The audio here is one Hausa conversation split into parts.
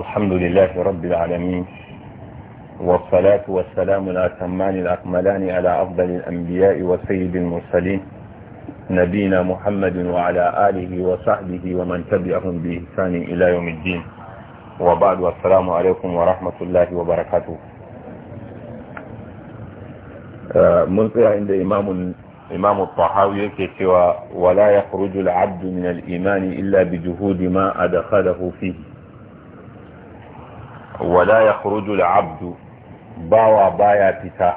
الحمد لله رب العالمين والصلاة والسلام الأتمان الأكملان على أفضل الأنبياء وسيد المرسلين نبينا محمد وعلى آله وصحبه ومن تبعهم بإحسان إلى يوم الدين وبعد والسلام عليكم ورحمة الله وبركاته منطقة عند إمام إمام الطحاوي كتوى ولا يخرج العبد من الإيمان إلا بجهود ما أدخله فيه wala ya khurujul abdu bawa baya fita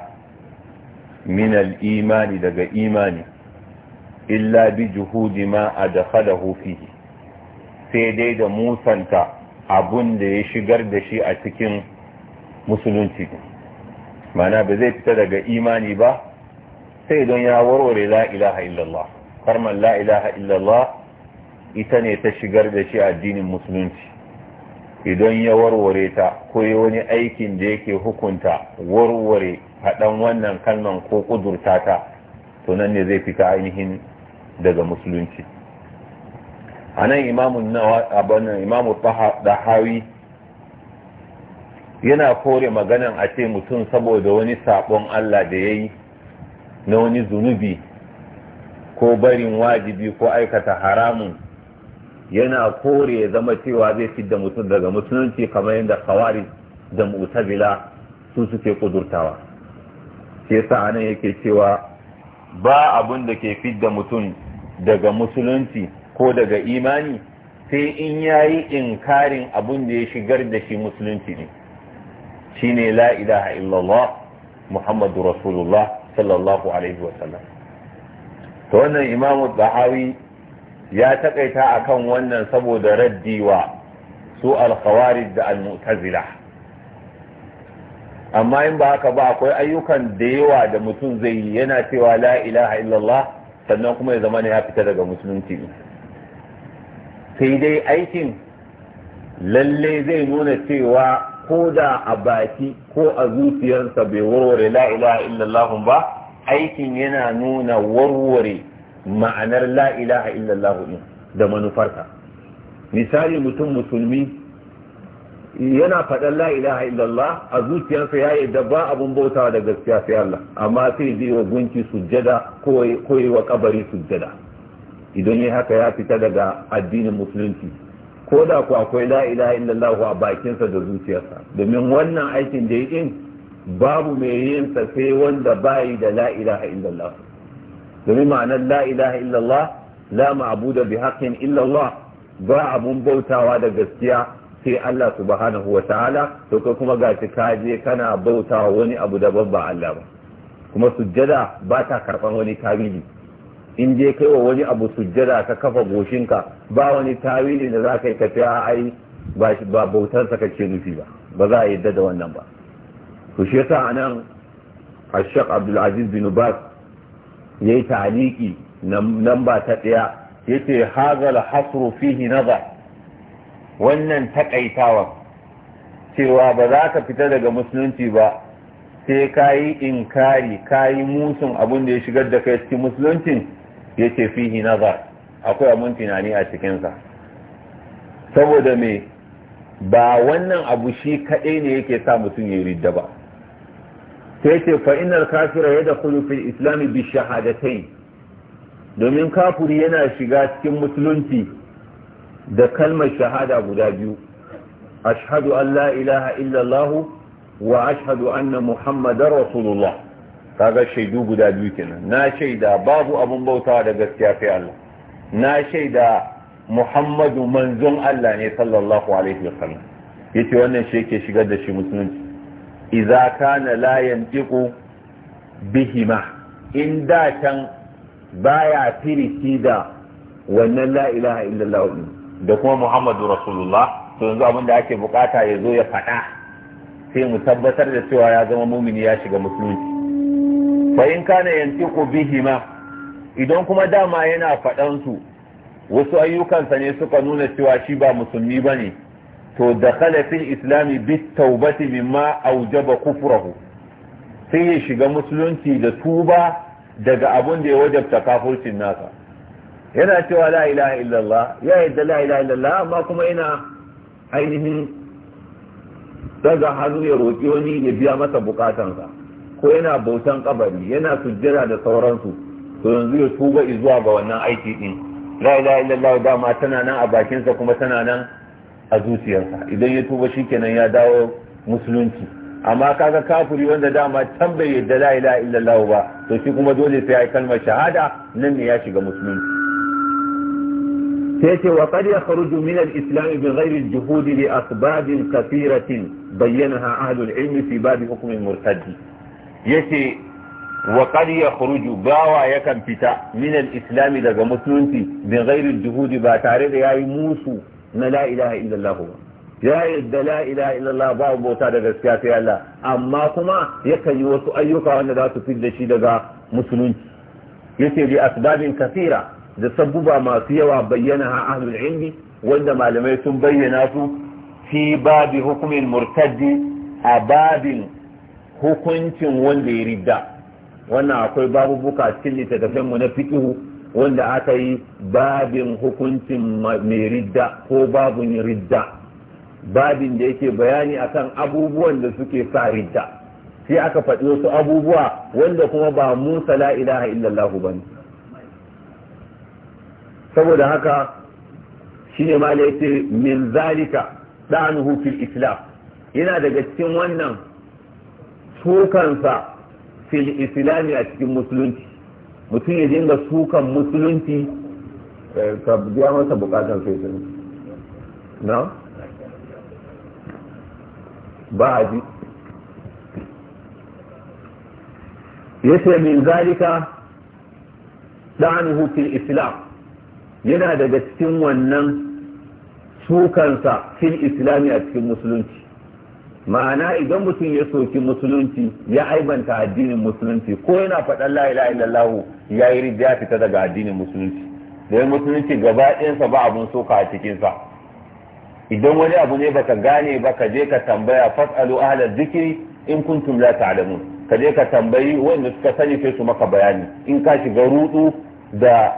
min imani daga imani illa bi juhudi ma da fihi sai dai da musanta abun da ya shigar da shi a cikin musulunci mana ba zai fita daga imani ba sai don ya warware la ilaha illallah farman la ilaha illallah ita ne ta shigar da shi addinin musulunci idan ya warware ta ko yi wani aikin da yake hukunta warware haɗan wannan kalman ko ƙudurta ta to ne zai fita ainihin daga musulunci a nan imamu hawi yana kore maganan a ce mutum saboda wani sabon Allah da ya yi na wani zunubi ko barin wajibi ko aikata haramun yana kore ya zama cewa zai fi da mutum daga musulunci kamar yadda kawari da mutabila su suke kudurtawa ke sa anan yake cewa ba abun da ke fidda mutum daga musulunci ko daga imani sai in ya yayi inkarin abun da ya shigar da shi musulunci ne Shi ne la'ida a illallah muhammadu rasulullah sallallahu alaihi wasallam ta wannan imamu dahawi ya takaita akan wannan saboda raddi wa su alkhawarij da almu'tazila amma in ba haka ba akwai ayyukan da yawa da mutum zai yi yana cewa la ilaha illallah sannan kuma ya zama ya fita daga musulunci sai dai aikin lalle zai nuna cewa ko da a baki ko a zuciyarsa bai warware la ilaha illallah ba aikin yana nuna warware ma'anar la ilaha illallah din da manufarta misali mutum musulmi yana faɗan la ilaha illallah a zuciyarsa ya yi dabba abun bauta da gaskiya sai Allah amma sai zai wa gunki sujjada ko yi wa kabari sujjada idan ya haka ya fita daga addinin musulunci ko da ku akwai la ilaha illallah a bakinsa da zuciyarsa domin wannan aikin da yi babu mai yinsa sai wanda bayi da la ilaha illallah domin ma'anar la ilaha illallah la ma'abuda bi haqqin illallah ba abun bautawa da gaskiya sai Allah subhanahu wa ta'ala to kai kuma ga ka je kana bautawa wani abu daban ba Allah ba kuma sujjada ba ta karban wani tawili in je kai wa wani abu sujjada ka kafa goshinka ba wani tawili da za ka yi a ai ba sa kake nufi ba ba za a yadda da wannan ba to shi yasa anan Ashaq Abdul Aziz bin Bas ya yi taliki nan ba ta ɗaya ya ce hazal hasru fihi nazar wannan takaitawa cewa ba za ka fita daga musulunci ba sai ka yi inkari ka yi musun abin da ya shigar da kai cikin musuluncin ya ce fihi nazar akwai abin tunani a cikinsa saboda me ba wannan abu shi kaɗai ne yake sa mutum ya yi ridda ba sai ce fa innal kafira yadkhulu fil islami bi shahadatai domin kafuri yana shiga cikin musulunci da kalmar shahada guda biyu ashhadu an la ilaha illallah wa ashadu anna muhammadar rasulullah kaga shaidu guda biyu kenan na shaida babu abun bautawa da gaskiya sai Allah na shaida muhammadu manzon Allah ne sallallahu alaihi wasallam yace wannan shi yake shigar da shi musulunci iza kana la yantiqu bihima in da baya firiti da wannan la ilaha illallah da kuma muhammadu rasulullah to yanzu abin ake bukata ya zo ya faɗa sai mu tabbatar da cewa ya zama mumini ya shiga musulunci fa in kana yantiqu bihima idan kuma dama yana faɗan su wasu ayyukansa ne suka nuna cewa shi ba musulmi bane to dakhala fil islami bit taubati mimma aujaba kufrahu sai ya shiga musulunci da tuba daga abun da ya wajabta kafircin nasa yana cewa la ilaha illallah ya yadda la ilaha illallah amma kuma yana ainihin daga hannu ya roƙi wani ya biya masa bukatansa ko yana bautan kabari yana sujjira da sauransu to yanzu ya tuba zuwa ga wannan aiki din la ilaha illallah dama tana nan a bakinsa kuma tana nan a zuciyarsa idan ya tuba shikenan ya dawo musulunci amma kaga kafiri wanda dama can bai yadda la ilaha illallah ba to shi kuma dole sai ya kalmar shahada nan ne ya shiga musulunci sai ce wa qad yakhruju min al-islam bi ghairi al-juhud li asbab kathirah bayyanaha ahli al-ilm fi bab hukm al-murtad yace wa qad yakhruju bawa yakan fita min al-islam daga musulunci bi ghairi al-juhud ba tare da yayi musu na la ilaha illallah ba ya yadda la ilaha illallah ba bauta da gaskiya sai Allah amma kuma yakan yi wasu ayyuka wanda za su fidda shi daga musulunci yace bi asbabin kafira da sabbuba masu yawa bayyana ha ahlul ilmi wanda malamai sun bayyana su fi babi hukumin murtaddi a babin hukuncin wanda ya ridda wannan akwai babubuka cikin littattafan mu na fiqhu wanda aka yi babin hukuncin mai ridda ko babin ridda babin da yake bayani akan abubuwan da suke sa ridda sai aka faɗi wasu abubuwa wanda kuma ba musa la ilaha illallah ba ne saboda haka shi ne ma yace min zalika ɗanuhu fil islam yana daga cikin wannan tukansa fil islami a cikin musulunci mutum ya dinga sukan musulunci eh, ka biya masa bukatar sai sun na ba a ji ce min zalika ɗanuhu fil islam yana daga cikin wannan sukansa fil islami a cikin musulunci ma'ana idan mutum ya soki musulunci ya aibanta addinin musulunci ko yana faɗan la ilaha illallah ya yi rijiya fita daga addinin musulunci da musulunci gaba ɗayansa ba abun soka a cikinsa idan wani abu ne baka gane ba ka je ka tambaya fasalu ahla zikri in kuntum la ta'lamun ka je ka tambayi wanda suka sani sai su maka bayani in ka shiga rudu da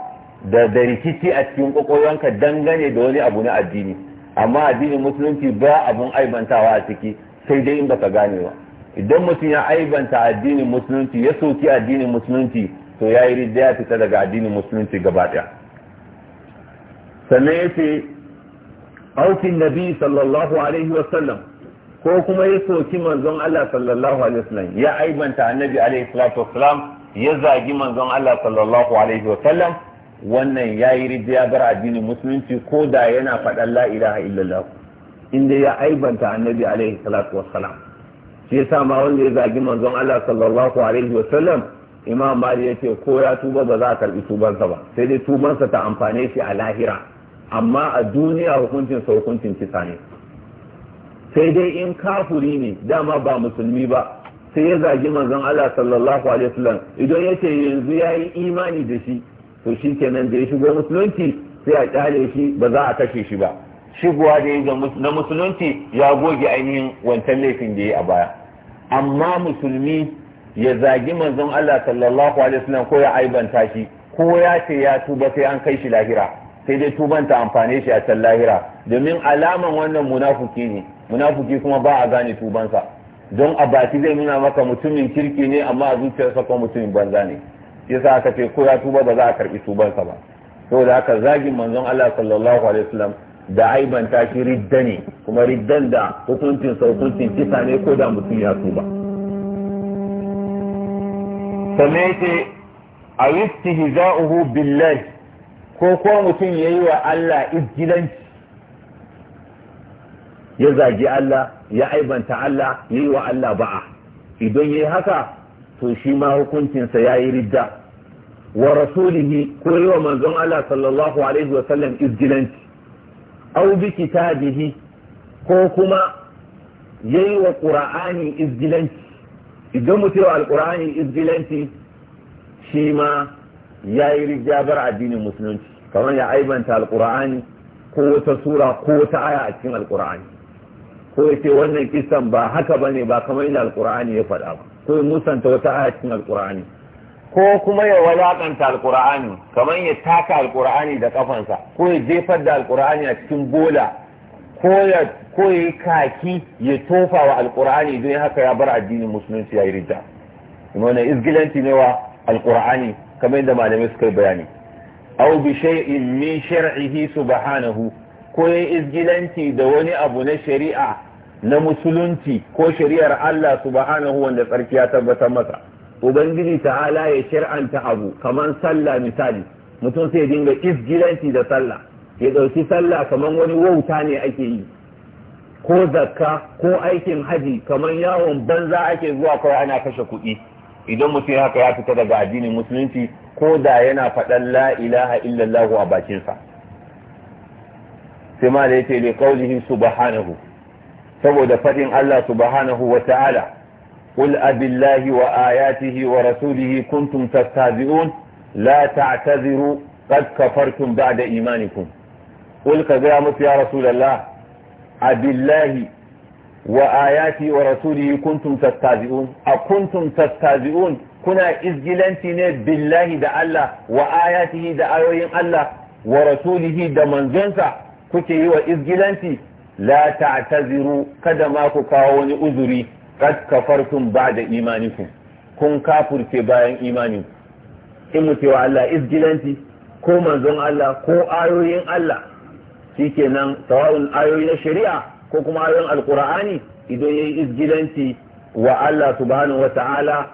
da da rikici a cikin kokoyanka dangane da wani abu na addini amma addinin musulunci ba abun aibantawa a ciki sai dai inda ka gane ba idan mutum ya aibanta addinin musulunci ya soki addinin musulunci to ya yi rijiya ya fita daga addinin musulunci gaba ɗaya sannan ya ce aukin nabi sallallahu alaihi wasallam ko kuma ya soki manzon Allah sallallahu alaihi wasallam ya aibanta annabi alaihi salatu wasallam ya zagi manzon Allah sallallahu alaihi wasallam wannan ya yi rijiya bar addinin musulunci ko da yana faɗan la ilaha illallah inda ya aibanta annabi alaihi salatu wassalam shi sa ma wanda ya zagi manzon Allah sallallahu alaihi wasallam imam mali yace ko ya tuba ba za a karbi tubansa ba sai dai tubansa ta amfane shi a lahira amma a duniya hukuncin sa hukuncin kisa ne sai dai in kafuri ne dama ba musulmi ba sai ya zagi manzon Allah sallallahu alaihi wasallam idan yace yanzu yi imani da shi to shikenan da ya shigo musulunci sai a kyale shi ba za a kashe shi ba shigowa da ya na musulunci ya goge ainihin wancan laifin da ya a baya amma musulmi ya zagi manzon Allah sallallahu alaihi wasallam ko ya aibanta shi ko ya ce ya tuba sai an kai shi lahira sai dai tuban ta amfane shi a can lahira domin alaman wannan munafuki ne munafuki kuma ba a gane tubansa don a baki zai nuna maka mutumin kirki ne amma a zuciyarsa kuma mutumin banza ne yasa aka ce ko ya tuba ba za a karbi tubansa ba saboda haka zagin manzon Allah sallallahu alaihi wasallam da aibanta shi ridda ne kuma riddan da hukuncin sa hukuncin kisa ne ko da mutum ya tuba sannan yace a yistihza'uhu billahi ko ko mutum yi wa Allah izgilanci ya zagi Allah ya aibanta Allah yi wa Allah ba'a idan yayi haka to shi ma hukuncinsa yayi ridda wa rasulihi ko yayi wa manzon Allah sallallahu alaihi wa sallam izgilanci au bi kitabihi ko kuma yayi wa qur'ani izgilanci idan mutum wa alqur'ani izgilanci shi ma yayi rijabar addinin musulunci kamar ya aibanta alqur'ani ko wata sura ko wata aya a cikin alqur'ani ko yace wannan kisan ba haka bane ba kamar in alqur'ani ya faɗa ba ko musanta wata aya cikin alqur'ani ko kuma ya walaƙanta alkur'ani kamar ya taka alkur'ani da kafansa ko ya jefar da alkur'ani a cikin bola ko ya yi kaki ya tofa wa alkur'ani don haka ya bar addinin musulunci ya yi rita wannan izgilanci ne wa alkur'ani kamar yadda malamai suka yi bayani aw bi shay'in min shar'ihi subhanahu ko ya izgilanci da wani abu na shari'a na musulunci ko shari'ar Allah subhanahu wanda tsarki ya tabbatar masa ubangiji ta'ala ya shir'anta abu kamar sallah misali mutum sai dinga isgilanci da sallah ya ɗauki sallah kamar wani wauta ne ake yi ko zakka ko aikin haji kamar yawon banza ake zuwa kawai ana kashe kuɗi idan mutum haka ya fita daga addinin musulunci ko da yana faɗan la ilaha illallahu a bakinsa sai ma da yake li qawlihi subhanahu saboda faɗin Allah subhanahu wa ta'ala قل أب الله وآياته ورسوله كنتم تستهزئون لا تعتذروا قد كفرتم بعد إيمانكم قل كذا يا رسول الله أب الله وآياته ورسوله كنتم تستهزئون أكنتم تستهزئون كنا إزجلنتين بالله دا الله وآياته دا آيوين الله ورسوله دا منزنسا كتي هو إزجلنتي لا تعتذروا كدما كاوني أذري kad kafartum ba'da imanikum kun kafurce bayan imanin in mu wa Allah izgilanti ko manzon Allah ko ayoyin Allah shikenan sawa'un ayoyi na shari'a ko kuma ayoyin alqur'ani idan yayi izgilanti wa Allah subhanahu ta'ala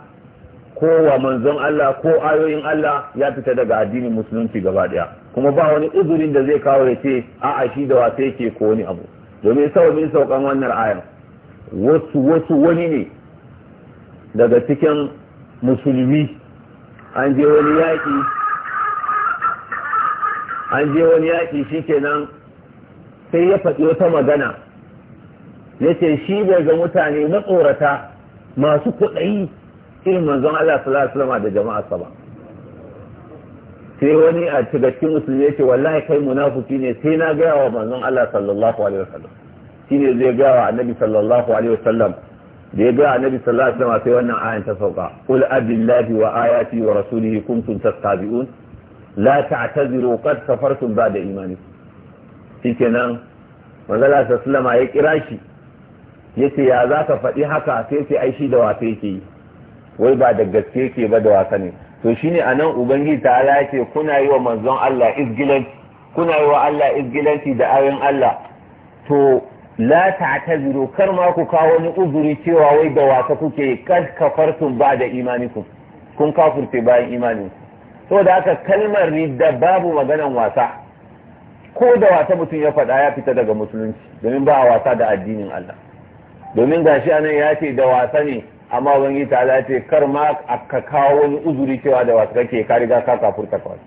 ko wa manzon Allah ko ayoyin Allah ya fita daga addinin musulunci gaba daya kuma ba wani uzurin da zai kawo ya ce a'a shi da wasa yake ko wani abu domin sauƙin saukan wannan ayar wasu wasu wani ne daga cikin musulmi an je wani yaƙi an je wani yaƙi shikenan sai ya faɗi wata magana ya ce shi bai ga mutane tsorata masu kuɗayi irin manzon Allah sallallahu alaihi da jama'a saba sai wani a cikin musulmi ya ce wallahi kai munafuki ne sai na gaya wa manzon Allah sallallahu alaihi wasallam shine zai ga wa annabi sallallahu alaihi wasallam da ya ga annabi sallallahu alaihi wasallam sai wannan ayan ta sauka qul abillahi wa ayati wa rasulihi kuntum tastabi'un la ta'taziru qad kafartum ba'da imanikum shikenan manzo Allah sallallahu alaihi ya kira shi yace ya zaka faɗi haka sai sai ai shi da wafe yake yi wai ba da gaske yake ba da wasa ne to shine anan ubangiji ta Allah yace kuna yi wa manzon Allah izgilanci kuna yi wa Allah izgilanci da ayoyin Allah to la ta'taziru kar ma ku kawo wani uzuri cewa wai da wasa kuke kad kafartum ba da imanikum kun kafurce bayan imani saboda haka kalmar ridda babu maganan wasa ko da wasa mutum ya faɗa ya fita daga musulunci domin ba a wasa da addinin Allah domin gashi anan ya ce da wasa ne amma ubangiji ta Allah ce kar ma ka kawo wani uzuri cewa da wasa kake ka riga ka kafurta kawai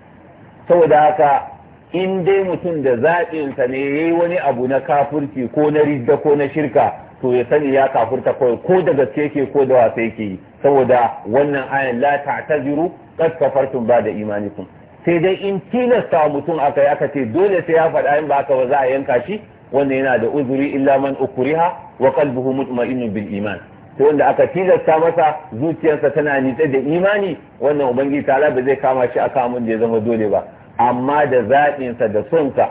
saboda haka in dai mutum da zaɓinsa ne ya yi wani abu na kafurci ko na ridda ko na shirka to ya sani ya kafurta kawai ko da gaske yake ko da wasa yake yi saboda wannan ayan la ta'taziru qad kafartum ba da imanikum sai dai in tilasta mutum aka yi aka ce dole sai ya faɗa in ba aka ba za a yanka shi wanda yana da uzuri illa man ukriha wa qalbuhu mutma'innun bil iman to wanda aka tilasta masa zuciyarsa tana nitse da imani wannan ubangiji ta ba zai kama shi aka mun da ya zama dole ba amma da zaɓinsa da sonka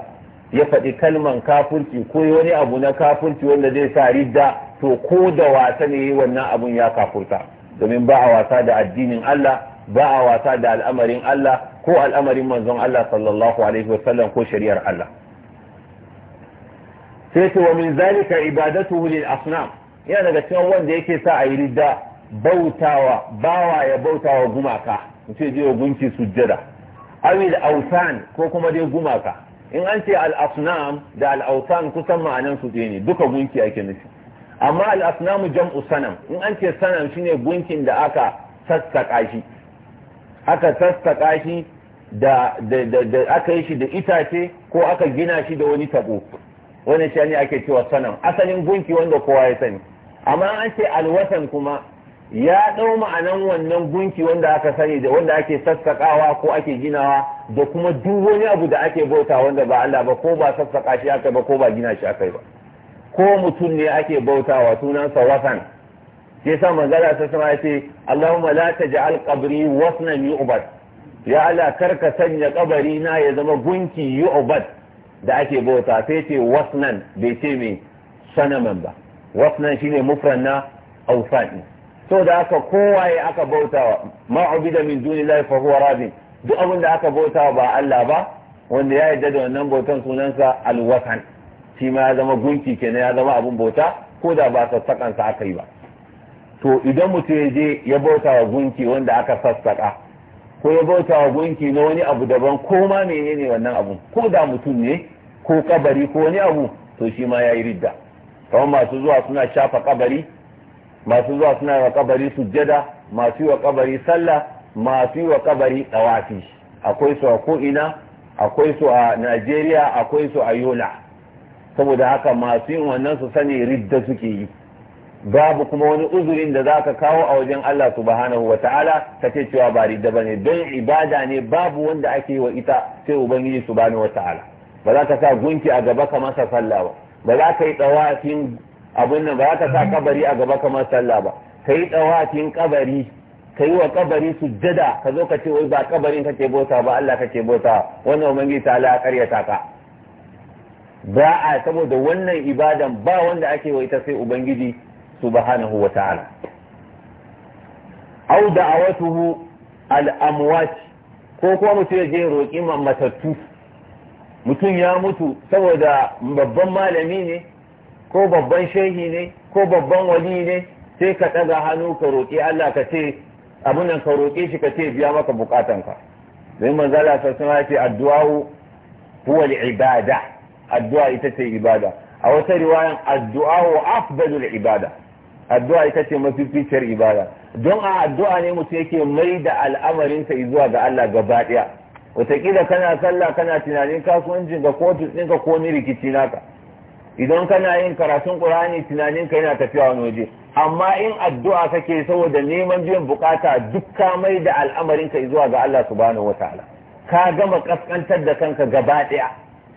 ya faɗi kalman kafurci ko wani abu na kafurci wanda zai sa ridda to ko da wasa ne yi wannan abun ya kafurta domin ba a wasa da addinin Allah ba a wasa da al'amarin Allah ko al'amarin manzon Allah sallallahu alaihi wasallam ko shari'ar Allah sai ce wa min zalika ibadatuhu lil asnam yana daga cikin wanda yake sa a yi ridda bautawa bawa ya bautawa gumaka mutum je gunki sujjada awil autan ko kuma dai gumaka in an ce al-asnam da al-autan kusan ma'anan su ne duka gunki ake nufi amma al-asnam jam'u sanam in an ce sanam shine gunkin da aka sassaka shi aka sassaka shi da da aka yi shi da itace ko aka gina shi da wani tabo wani shani ake cewa sanam asalin gunki wanda kowa ya sani amma an ce alwatan kuma ya ɗau ma'anan wannan gunki wanda aka sani da wanda ake sassakawa ko ake ginawa da kuma duk wani abu da ake bauta wanda ba Allah ba ko ba sassaƙa shi aka ba ko ba gina shi aka ba ko mutum ne ake bautawa sunansa wasan sai sa manzara ta sama ya ce Allahumma la taj'al qabri wasnan yu'bad ya Allah kar ka sanya kabari na ya zama gunki yu'bad da ake bauta sai ce wasnan bai ce me sanaman ba wasnan shine mufran na to da aka kowaye aka bautawa ma'ubida min fa huwa rabin duk abin da aka bauta ba Allah ba wanda ya yarda da wannan bautan sunansa alwatan shi ma ya zama gunki kenan ya zama abin bauta ko da ba sassaƙansa aka yi ba to idan mutum ya je ya bauta wa gunki wanda aka sassaƙa ko ya bauta wa gunki na wani abu daban ko ma menene wannan abu ko da mutum ne ko kabari ko wani abu to shi ma ya yi ridda kamar masu zuwa suna shafa kabari masu zuwa suna wa kabari sujjada masu yi wa kabari sallah masu yi wa kabari tawafi akwai su a ko'ina akwai su a najeriya akwai su a yola saboda haka masu yin wannan su sani ridda suke yi babu kuma wani uzurin da za ka kawo a wajen Allah subhanahu wa ta'ala ta ce cewa ba ridda bane don ibada ne babu wanda ake yi wa ita sai ubangiji subhanahu wa ta'ala ba za ka sa gunki a gaba ka masa sallah ba ba za ka yi tsawafin abin nan ba ka sa mm-hmm. kabari a gaba kamar sallah ba kai tsawafin kabari kai wa kabari sujjada ka zo ka ce wai ba kabarin kake bota ba Allah kake bota wannan ubangiji ta Allah karyata ka ba a saboda wannan ibadan ba wanda ake wa ita sai ubangiji subhanahu wa ta'ala au da'awatuhu al-amwat ko kuma mutum je roƙi matattu mutum ya mutu saboda babban malami ne ko babban shehi ne ko babban wali ne sai ka ɗaga hannu ka roƙi Allah ka ce abin ka roƙe shi ka ce biya maka buƙatanka. don manzala sa sun ce addu'a huwa ibada addu'a ita ce ibada a wata riwayan addu'a afdalul ibada addu'a ita ce mafificiyar ibada don a addu'a ne mutum yake mai da al'amarinsa zuwa ga Allah gaba ɗaya wataƙila kana sallah kana tunanin kasuwancin ga kotu ɗinka ko ni rikici naka idan kana yin karatun qur'ani tunaninka yana tafiya wani waje amma in addu'a kake saboda neman biyan bukata duk mai da al'amarinka zuwa ga Allah subhanahu wataala ka gama kaskantar da kanka gaba daya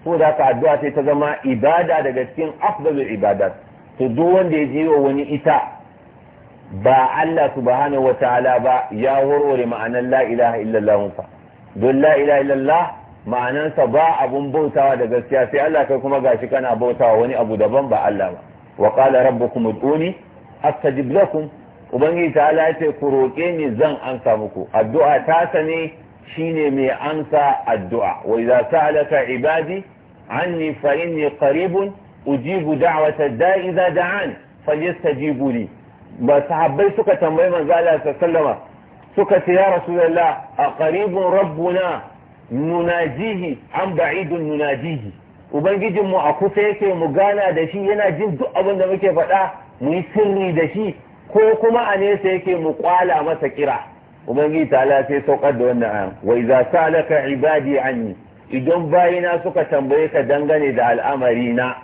so da ka addu'a sai ta zama ibada daga cikin afdalul ibadat to duk wanda ya je wani ita ba Allah subhanahu wa ba ya warware ma'anar la ilaha illallah fa don la ilaha illallah ma'anansa ba abun bautawa da gaskiya sai Allah kai kuma gashi kana bautawa wani abu daban ba Allah ba wa qala rabbukum ud'uni astajib lakum ubangiji ta Allah yace ku roke ni zan ansa muku addu'a ta sane shine mai ansa addu'a wa idza sa'alaka ibadi anni fa inni qaribun ujibu da'wata da'i idza da'an falyastajibu li ba sahabbai suka tambayi manzo Allah sallallahu alaihi wasallama suka ce ya rasulullah a qaribun rabbuna munajihi an ba'idun nunajihi ubangijinmu a kusa yake mu gana da shi yana jin duk abin da muke faɗa mu yi sirri da shi ko kuma a nesa yake mu kwala masa kira ubangiji ta sai saukar da wannan ayan wa ta salaka ibadi anni idan bayina suka tambaye ka dangane da al'amari na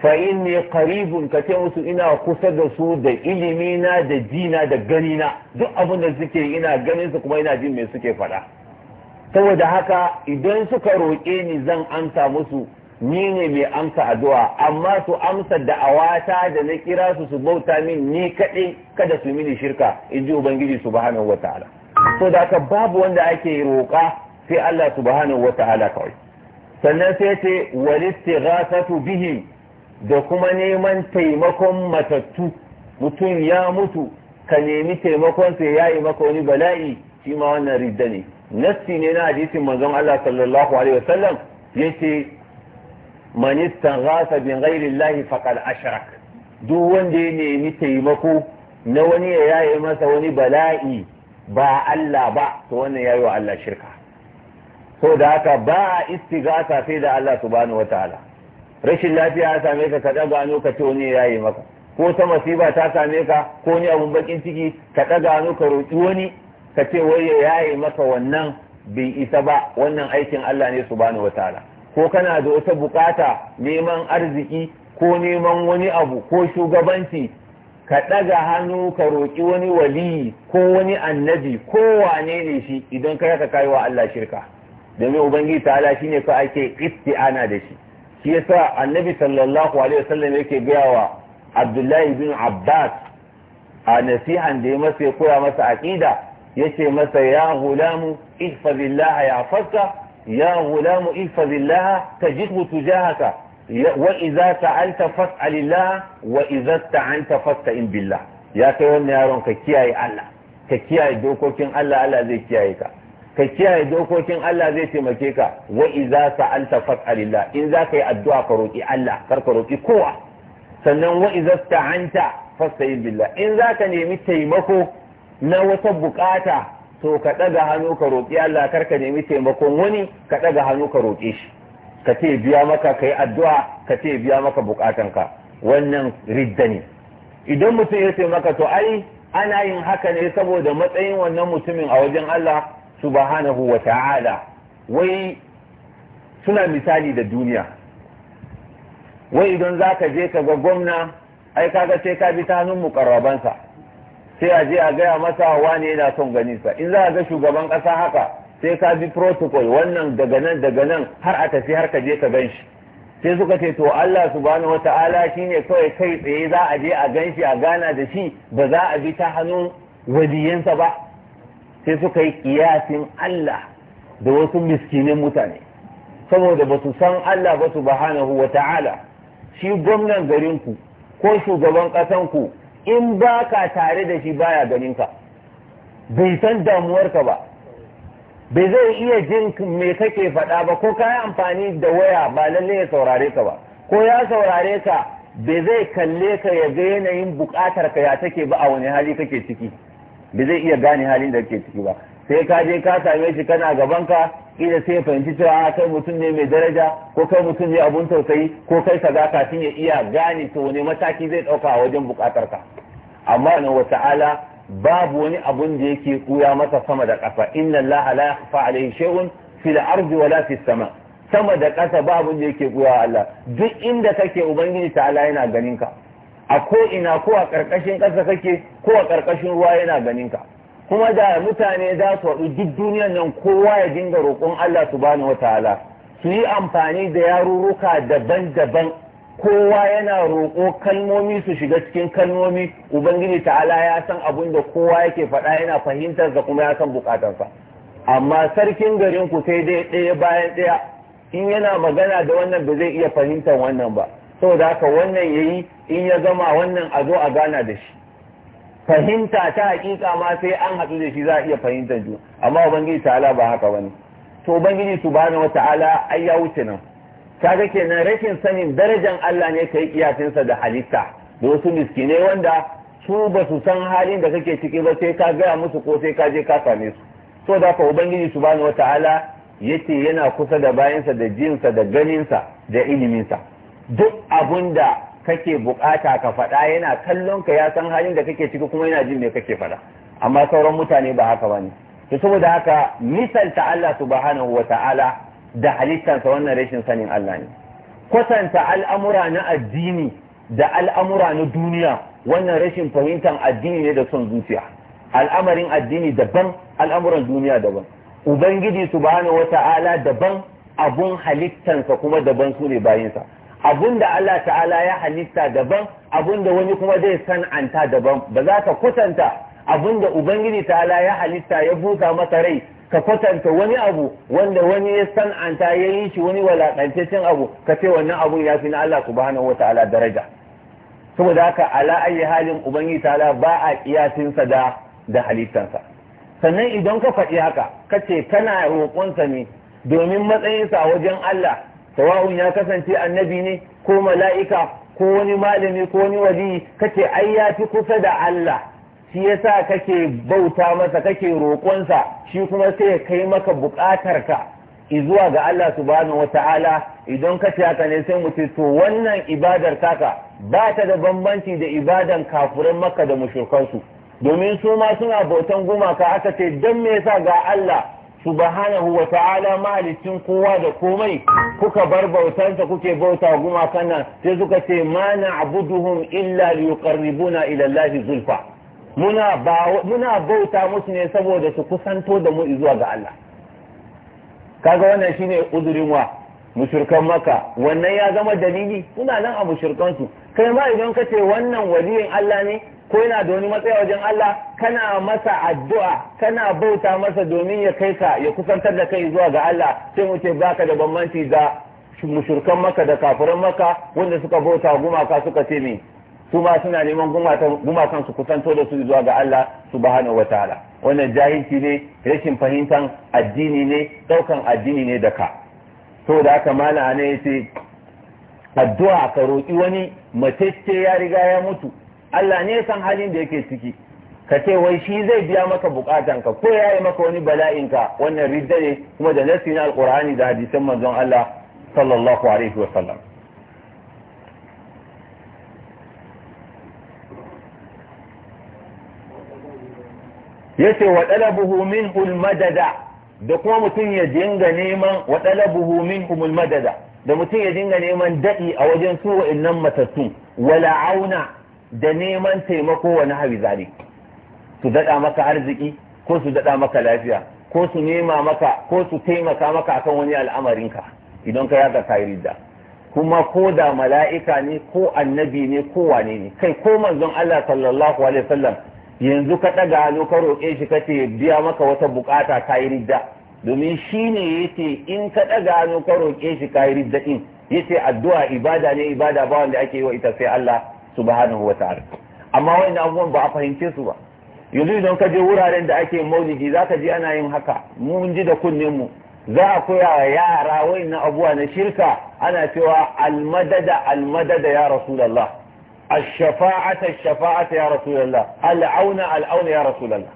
fa inni qaribun ka ce musu ina kusa da su da ilimina da jina da ganina na duk abin da suke ina ganin su kuma ina jin me suke faɗa saboda haka idan suka roƙe ni zan amsa musu ni ne mai amsa addu'a amma su amsa da awata da na kira su su bauta min ni kaɗai kada su mini shirka in ji ubangiji subhanahu wata'ala so da haka babu wanda ake roƙa sai Allah subhanahu wata'ala kawai sannan sai ce walistighasatu bihim da kuma neman taimakon matattu mutum ya mutu ka nemi taimakon sai yayi maka wani bala'i shi ma wannan ridda ne nassi ne na hadisin manzon Allah sallallahu alaihi wasallam yace man istaghasa bi ghairi Allah faqad ashrak duk wanda ya nemi taimako na wani ya yaye masa wani bala'i ba Allah ba to wannan yayi wa Allah shirka so da haka ba istighatha sai da Allah subhanahu wataala rashin lafiya ya same ka ka daga ka ce wani yayi maka ko ta masiba ta same ka ko ni abun bakin ciki ka daga ka roki wani ka ce wai ya yaye maka wannan bai isa ba wannan aikin Allah ne su bani wata ko kana da wata bukata neman arziki ko neman wani abu ko shugabanci ka ɗaga hannu ka roƙi wani waliyi ko wani annabi ko wane ne shi idan ka ka kai wa Allah shirka domin ubangiji ta'ala ne fa ake isti'ana da shi shi yasa annabi sallallahu alaihi wasallam yake gaya wa Abdullahi bin Abbas a nasihan da ya masa ya koya masa aƙida? yace masa ya gulamu ihfazillaha yahfazka ya gulamu ihfazillaha tajidhu tujahaka wa idza ta'alta fas'alillah wa idza ta'anta fasta'in billah ya kai wannan yaron ka kiyaye Allah ka kiyaye dokokin Allah Allah zai kiyaye ka ka kiyaye dokokin Allah zai taimake ka wa idza sa'alta fas'alillah in za ka yi addu'a ka roki Allah kar ka roki kowa sannan wa idza ta'anta fasta'in billah in za ka nemi taimako na wata bukata to ka ɗaga hannu ka roƙi Allah kar ka nemi taimakon wani ka ɗaga hannu ka roƙe shi ka ce biya maka ka addu'a ka ce biya maka bukatanka wannan ridda ne idan mutum ya ce maka to ai ana yin haka ne saboda matsayin wannan mutumin a wajen Allah subhanahu wa ta'ala wai suna misali da duniya wai idan za ka je ka ga gwamna ai kaga sai ka bi ta hannun mukarrabansa sai a je a gaya masa wane yana son ganin sa in za a ga shugaban kasa haka sai ka bi protocol wannan daga nan daga nan har a tafi har ka je ka ganshi sai suka ce to Allah subhanahu wata'ala shine kawai kai tsaye za a je a ganshi a gana da shi ba za a bi ta hannun waliyansa ba sai suka yi kiyasin Allah da wasu miskinin mutane saboda ba su san Allah ba subhanahu wata'ala shi gwamnan garinku ko shugaban ku. in ba ka tare da shi baya ganin ka bai san damuwarka ba bai zai iya jin me kake faɗa ba ko ka yi amfani da waya ba lalle ya saurare ka ba ko ya saurare ka bai zai kalle ka ya ga yanayin bukatar ka ya take ba a wani hali kake ciki bai zai iya gane halin da kake ciki ba sai ka je ka same shi kana gaban ka kila sai fahimci cewa ah, kai mutum ne mai daraja ko kai mutum ne abun tausayi ko kai kaza kafin ya iya gane to ne mataki zai dauka a wajen bukatar ka amma na wata'ala babu wani abun da yake kuya masa sama da kasa inna allaha la yakhfa alayhi shay'un fil ardi wala fis sama sama da kasa babu da yake kuya Allah duk inda kake ubangiji ta'ala yana ganin ka a ko ina ko a karkashin kasa kake ko a karkashin ruwa yana ganin ka kuma da mutane za su haɗu duk duniyan nan kowa ya dinga roƙon Allah su subhanahu wataala su yi amfani da yarurruka daban-daban kowa yana roƙo kalmomi su shiga cikin kalmomi ubangiji ta'ala ya san abin da kowa yake faɗa yana fahimtar da kuma ya san bukatarsa amma sarkin garin ku sai dai ɗaya bayan ɗaya in yana magana da wannan ba zai iya fahimtar wannan ba saboda haka wannan yayi in ya zama wannan a zo a gana da shi fahimta ta hakika ma sai an haɗu da shi za a iya fahimtar juna amma ubangiji ta'ala ba haka bane to ubangiji subhanahu wata'ala ai ya wuce nan kaga kenan rashin sanin darajan Allah ne kai sa da halitta da wasu miskine wanda su ba su san halin da kake ciki ba sai ka gaya musu ko sai ka je ka same su so da ka ubangiji subhanahu wata'ala yace yana kusa da bayansa da jinsa da ganinsa da iliminsa duk abun da kake bukata ka faɗa yana kallon ka ya san halin da kake ciki kuma yana jin me kake faɗa amma sauran mutane ba haka bane to saboda haka misalta Allah subhanahu wa ta'ala da halittansa wannan rashin sanin Allah ne kwatanta al'amura na addini da al'amura na duniya wannan rashin fahimtar addini ne da son zuciya al'amarin addini daban al'amuran duniya daban ubangiji subhanahu wa ta'ala daban abun halittansa kuma daban su ne bayinsa Abu'n da Allah ta'ala ya halitta daban abun da wani kuma zai san'anta daban ba za ka kwatanta da ubangiji ta'ala ya halitta ya buka masa rai ka kwatanta wani abu wanda wani ya san'anta ya yi shi wani walakantaccen abu ka ce wannan abun ya fi na Allah ku wata ala daraja saboda haka ala ayi halin ubangiji ta'ala ba a iyasinsa da da halittansa sannan idan ka faɗi haka ka ce kana roƙonsa ne domin matsayinsa a wajen Allah sawa'un ya kasance annabi ne ko mala'ika ko wani malami ko wani wali kace ai ya fi kusa da Allah shi yasa kake bauta masa kake roƙonsa shi kuma sai ya kai maka buƙatarka zuwa ga Allah subhanahu wata'ala idan kace haka ne sai mu to wannan ibadar taka ba ta da bambanci da ibadan kafuran makka da mushrikansu domin su ma suna bautan gumaka aka ce don me yasa ga Allah subhanahu wa ta'ala malikin kowa da komai kuka bar bautansa kuke bauta gumakan nan sai suka ce ma na'buduhum illa liqarribuna ila Allah zulfa muna muna bauta musu ne saboda su kusanto da mu zuwa ga Allah kaga wannan shine uzurin wa mushrikan maka wannan ya zama dalili suna nan a mushrikan su kai ma idan ka ce wannan waliyin Allah ne ko yana da wani matsaya wajen Allah kana masa addu'a kana bauta masa domin ya kai ka ya kusantar da kai zuwa ga Allah sai mu ce baka da bambanci da mushurkan maka da kafiran maka wanda suka bauta gumaka suka ce me su ma suna neman gumakan su kusanto da su zuwa ga Allah subhanahu wataala wannan jahilci ne rashin fahimtar addini ne daukan addini ne da ka to da aka malama ne yace addu'a ka roki wani matacce ya riga ya mutu Allah ne san halin da yake ciki ka ce wai shi zai biya maka bukatanka ko ya yi maka wani bala'inka wannan ridda ne kuma da nasi na alkur'ani da hadisan manzon Allah sallallahu alaihi wa sallam yace wa talabuhu minhu almadada da kuma mutum ya dinga neman wa talabuhu almadada da ya dinga neman dadi a wajen su wa'annan matattu wala auna da neman taimako wani hawi zalik su daɗa maka arziki ko su daɗa maka lafiya ko su nema maka ko su taimaka maka akan wani al'amarinka idan ka yaga ka ridda kuma ko da mala'ika ne ko annabi ne ko wane ne kai ko manzon Allah sallallahu alaihi wasallam yanzu ka ɗaga hannu ka roƙe shi ka ce biya maka wata bukata ka yi ridda domin shi ne ya in ka ɗaga hannu ka roƙe shi ka ridda ɗin ya addu'a ibada ne ibada ba wanda ake yi wa ita sai Allah subhanahu wata'ala amma wa'annan abubuwan ba a fahimce su ba yanzu idan ka je wuraren da ake maulidi za ka ji ana yin haka mun ji da kunnen mu za a koya wa yara wa'annan abubuwa na shirka ana cewa almadada almadada ya rasulallah. ash-shafa'ata shafaata ya rasulullah al'auna al'auna ya rasulallah.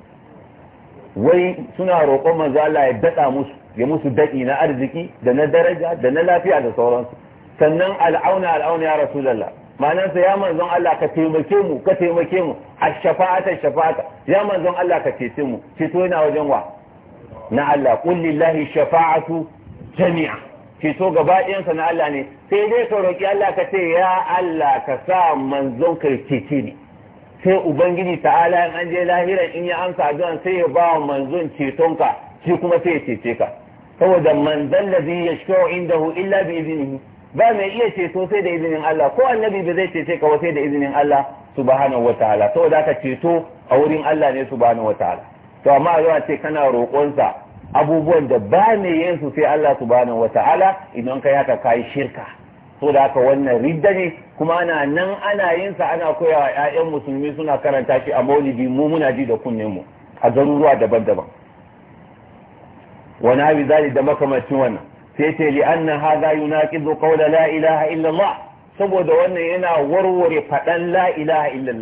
wai suna roƙon manzo Allah ya daɗa musu ya musu daɗi na arziki da na daraja da na lafiya da sauransu sannan al'auna al'auna ya rasulallah Manan ma'anarsa ya manzon Allah ka taimake mu ka taimake mu ash-shafa'ata shafa'ata ya manzon Allah ka cece mu fito yana wajen wa na Allah qul lillahi shafa'atu jami'a ceto gaba ɗayansa na Allah ne sai dai ka roki Allah ka ce ya Allah ka sa manzon ka cece ni sai ubangiji ta'ala in an je lahiran in ya amsa addu'an sai ya ba wa manzon ka shi kuma sai ya cece ka saboda man wa inda hu illa bi idnihi ba mai iya ceto sai da izinin Allah ko annabi ba zai cece ka ba sai da izinin Allah subhanahu wataala da ka ceto a wurin Allah ne subhanahu wataala to amma a ce kana roƙonsa abubuwan da ba mai yin su sai Allah subhanahu wataala idan kai haka kai shirka da haka wannan ridda ne kuma ana nan ana yin sa ana koyawa ƴaƴan musulmi suna karanta shi a maulidi mu muna ji da kunnen mu a garuruwa daban-daban wani abu zali da makamacin wannan sai ce li anna hadha yunaqidu qawla la ilaha illallah saboda wannan yana warware faɗan la ilaha illa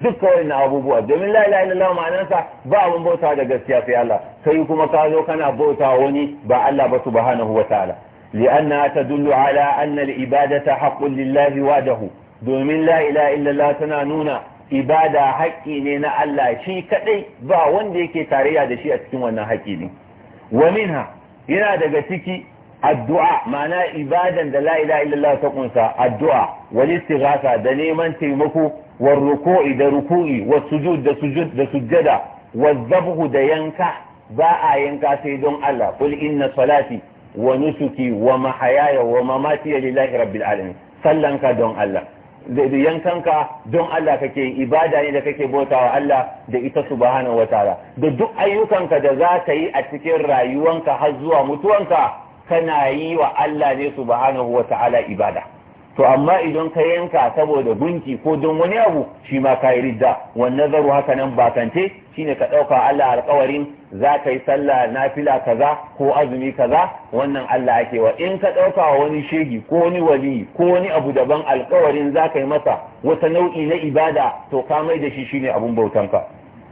dukkan abubuwa domin la ilaha illa ba abun bauta da gaskiya sai Allah sai kuma ka zo kana bauta wani ba Allah ba subhanahu wa ta'ala li'anna ta ala anna al-ibadata haqqun lillahi wahdahu domin la ilaha tana nuna ibada haƙƙi ne na Allah shi kaɗai ba wanda yake tarayya da shi a cikin wannan haƙƙi ne wa minha yana daga ciki addu'a ma'ana ibadan da la illallah ta kunsa addu'a wani istighatha da neman taimako wa ruku'i da ruku'i wa sujud da sujud da sujjada was zabhu da yanka ba a yanka sai don Allah qul inna salati wa nusuki wa mahayaya wa mamati lillahi rabbil alamin sallanka don Allah da yankanka don Allah kake ibada ne da kake wa Allah da ita subhanahu wataala da duk ayyukanka da za ka yi a cikin rayuwanka har zuwa mutuwanka kana yi wa Allah ne subhanahu wa ta'ala ibada to amma idan ka yanka saboda gunki ko don wani abu shi ma ka ridda wannan nazaru haka nan bakance shine ka ɗauka Allah alƙawarin za ka yi sallah nafila kaza ko azumi kaza wannan Allah ake wa in ka ɗauka wani shegi ko wani wali ko wani abu daban alƙawarin za ka yi masa wata nau'i na ibada to ka mai da shi shine abun bautanka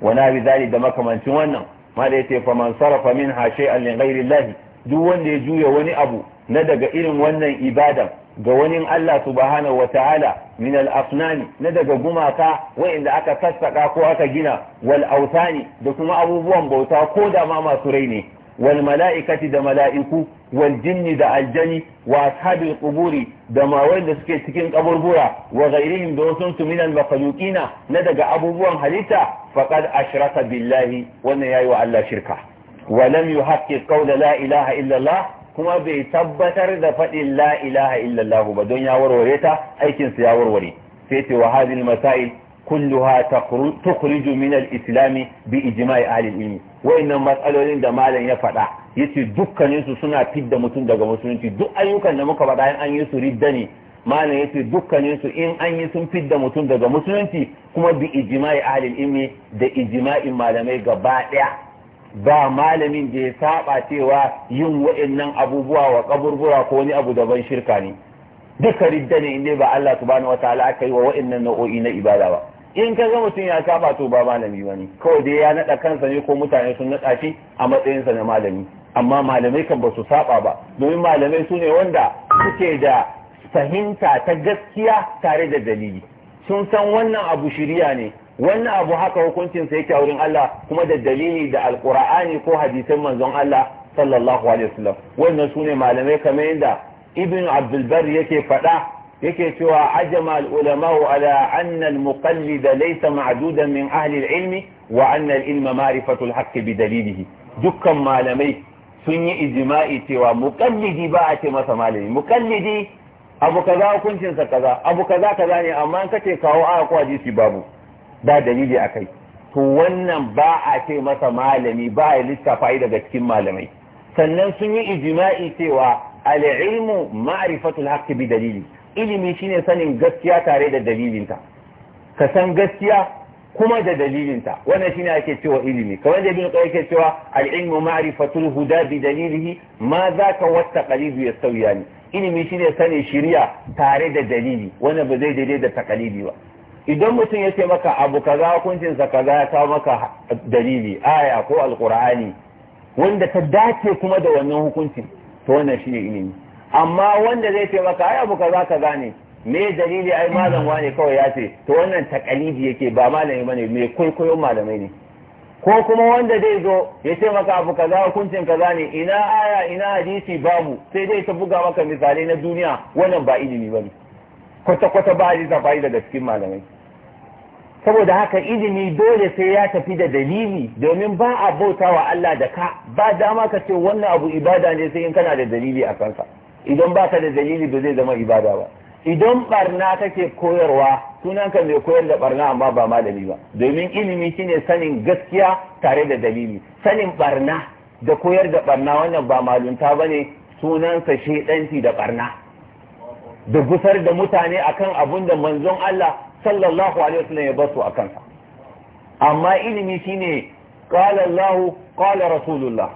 wana bi zali da makamancin wannan ma da yace fa man sarafa minha shay'an li duk wanda ya juya wani abu na daga irin wannan ibadan ga wani Allah subhanahu ta'ala min al-asnani na daga gumaka wa'inda aka sassaka ko aka gina wal autani da kuma abubuwan bauta ko da ma masu rai ne wal mala'ikati da mala'iku wal jinni da aljani wa ashabil quburi da ma wanda suke cikin kaburbura wa ghairihim da wasu su min al na daga abubuwan halitta faqad ashraka billahi wannan yayi wa Allah shirka ولم يحقق قول لا إله إلا الله kuma bai tabbatar da faɗin la ilaha illallah ba don ya warware ta aikinsa ya warware sai ce wa hadhihi masail kulluha tukhriju min al bi ijma'i ahli al-ilm wayannan matsalolin da malam ya faɗa yace dukkanin su suna fidda mutum daga musulunci duk ayyukan da muka faɗa in an yi su ridda ne malam yace dukkanin in an yi sun fidda mutum daga musulunci kuma bi ijma'i ahli al da ijma'in malamai gaba ɗaya ba malamin da ya saba cewa yin wa'annan abubuwa wa kaburbura ko wani abu daban shirka ne duka ridda ne inda ba Allah subhanahu wataala aka yi wa wa'annan nau'o'i na ibada ba in ka ga mutum ya saba to ba malami bane kawai dai ya nada kansa ne ko mutane sun nada shi a matsayin sa na malami amma malamai kan ba su saba ba domin malamai su ne wanda suke da fahimta ta gaskiya tare da dalili sun san wannan abu shiriya ne wannan abu haka hukuncin sa yake a wurin Allah kuma da dalili da alqur'ani ko hadisin manzon Allah sallallahu alaihi wasallam wannan sune malamai kamar yadda ibn abdul bar yake fada yake cewa ajma al ulama ala anna al muqallid laysa ma'dudan min ahli al ilmi wa anna al ilma ma'rifatu al haqq bi dalilihi dukkan malamai sun yi ijma'i cewa muqallidi ba a ce masa malami muqallidi abu kaza hukuncin sa kaza abu kaza kaza ne amma in kace kawo aya ko hadisi babu ba dalili a kai to wannan ba a ce masa malami ba a lissafa yi daga cikin malamai sannan sun yi ijima'i cewa al'ilmu ma'rifatul haqqi bi dalili ilimi shine sanin gaskiya tare da dalilinta ka san gaskiya kuma da dalilinta wannan shine ake cewa ilimi kamar da bin yake cewa al'ilmu ma'rifatul huda bi dalilihi ma zaka ya qalibu yastawiyani ilimi shine sanin shiriya tare da dalili wannan ba zai daidai da takalibi ba idan mutum ya ce maka abu kaza hukuncinsa kaza ya kawo maka dalili aya ko alkur'ani wanda ta dace kuma da wannan hukuncin to wannan shine ilimi amma wanda zai ce maka ai abu kaza kaza ne me dalili ai malam wane kawai ya ce to wannan takalidi yake ba malami bane me kwaikwayon malamai ne ko kuma wanda zai zo ya ce maka abu kaza hukuncin kaza ne ina aya ina hadisi babu sai dai ta buga maka misalai na duniya wannan ba ilimi bane kwata-kwata ba a ji fa'ida daga cikin malamai saboda haka ilimi dole sai ya tafi da dalili domin ba a bauta wa Allah da ka ba dama ka ce wannan abu ibada ne sai in kana da dalili a kansa idan baka da dalili ba zai zama ibada ba idan barna kake koyarwa sunanka mai koyar da barna amma ba malami ba domin ilimi shine sanin gaskiya tare da dalili sanin barna da koyar da barna wannan ba malunta bane sunansa shedanci da barna da gusar da mutane akan abun da manzon Allah sallallahu alaihi wasallam ya basu a kansa amma ilimi shine qala Allah qala rasulullah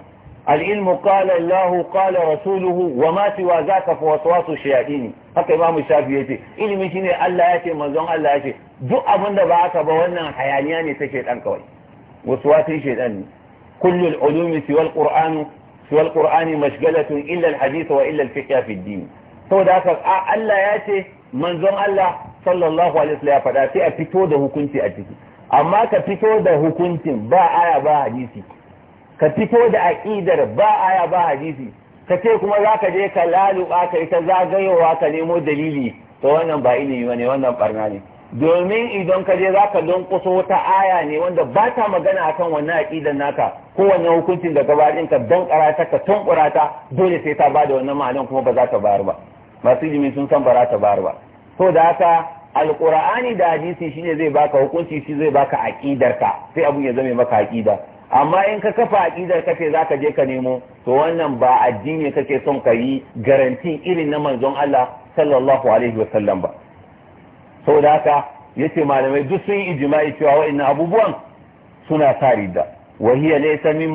العلم قال الله قال رسوله وما سوى ذاك فوسواس الشياطين haka imam shafi yace ilimi shine Allah yace manzon Allah yace duk abin da ba haka ba wannan hayaniya ne take dan kawai waswasin shaytan ne kullul ulumi siwa alquran siwa alqurani mashgalatun illa alhadith wa illa alfiqh fi ad-din saboda haka Allah yace manzon Allah sallallahu alaihi wasallam ya faɗa sai a fito da hukunci a ciki amma ka fito da hukuncin ba aya ba hadisi ka fito da aƙidar ba aya ba hadisi ka ce kuma za ka je ka laluɓa ka ta zagayowa ka nemo dalili to wannan ba ilimi bane wannan barna ne domin idan ka je zaka ka kusa wata aya ne wanda ba ta magana akan wannan aqidar naka ko wannan hukuncin da gabaɗin ka don karata ka tunkura ta dole sai ta bada wannan ma'anan kuma ba za ta bayar ba masu ilimi sun san ba za ta bayar ba so da haka alkur'ani da hadisi shine zai baka hukunci shi zai baka aqidarka sai abun ya zame maka aqida amma in ka kafa aqidar kace zaka je ka nemo to wannan ba addini kake son ka yi garanti irin na manzon Allah sallallahu alaihi wasallam ba saboda haka yace malamai duk sun yi ijma'i cewa wa'annan abubuwan suna sa ridda wa hiya laysa min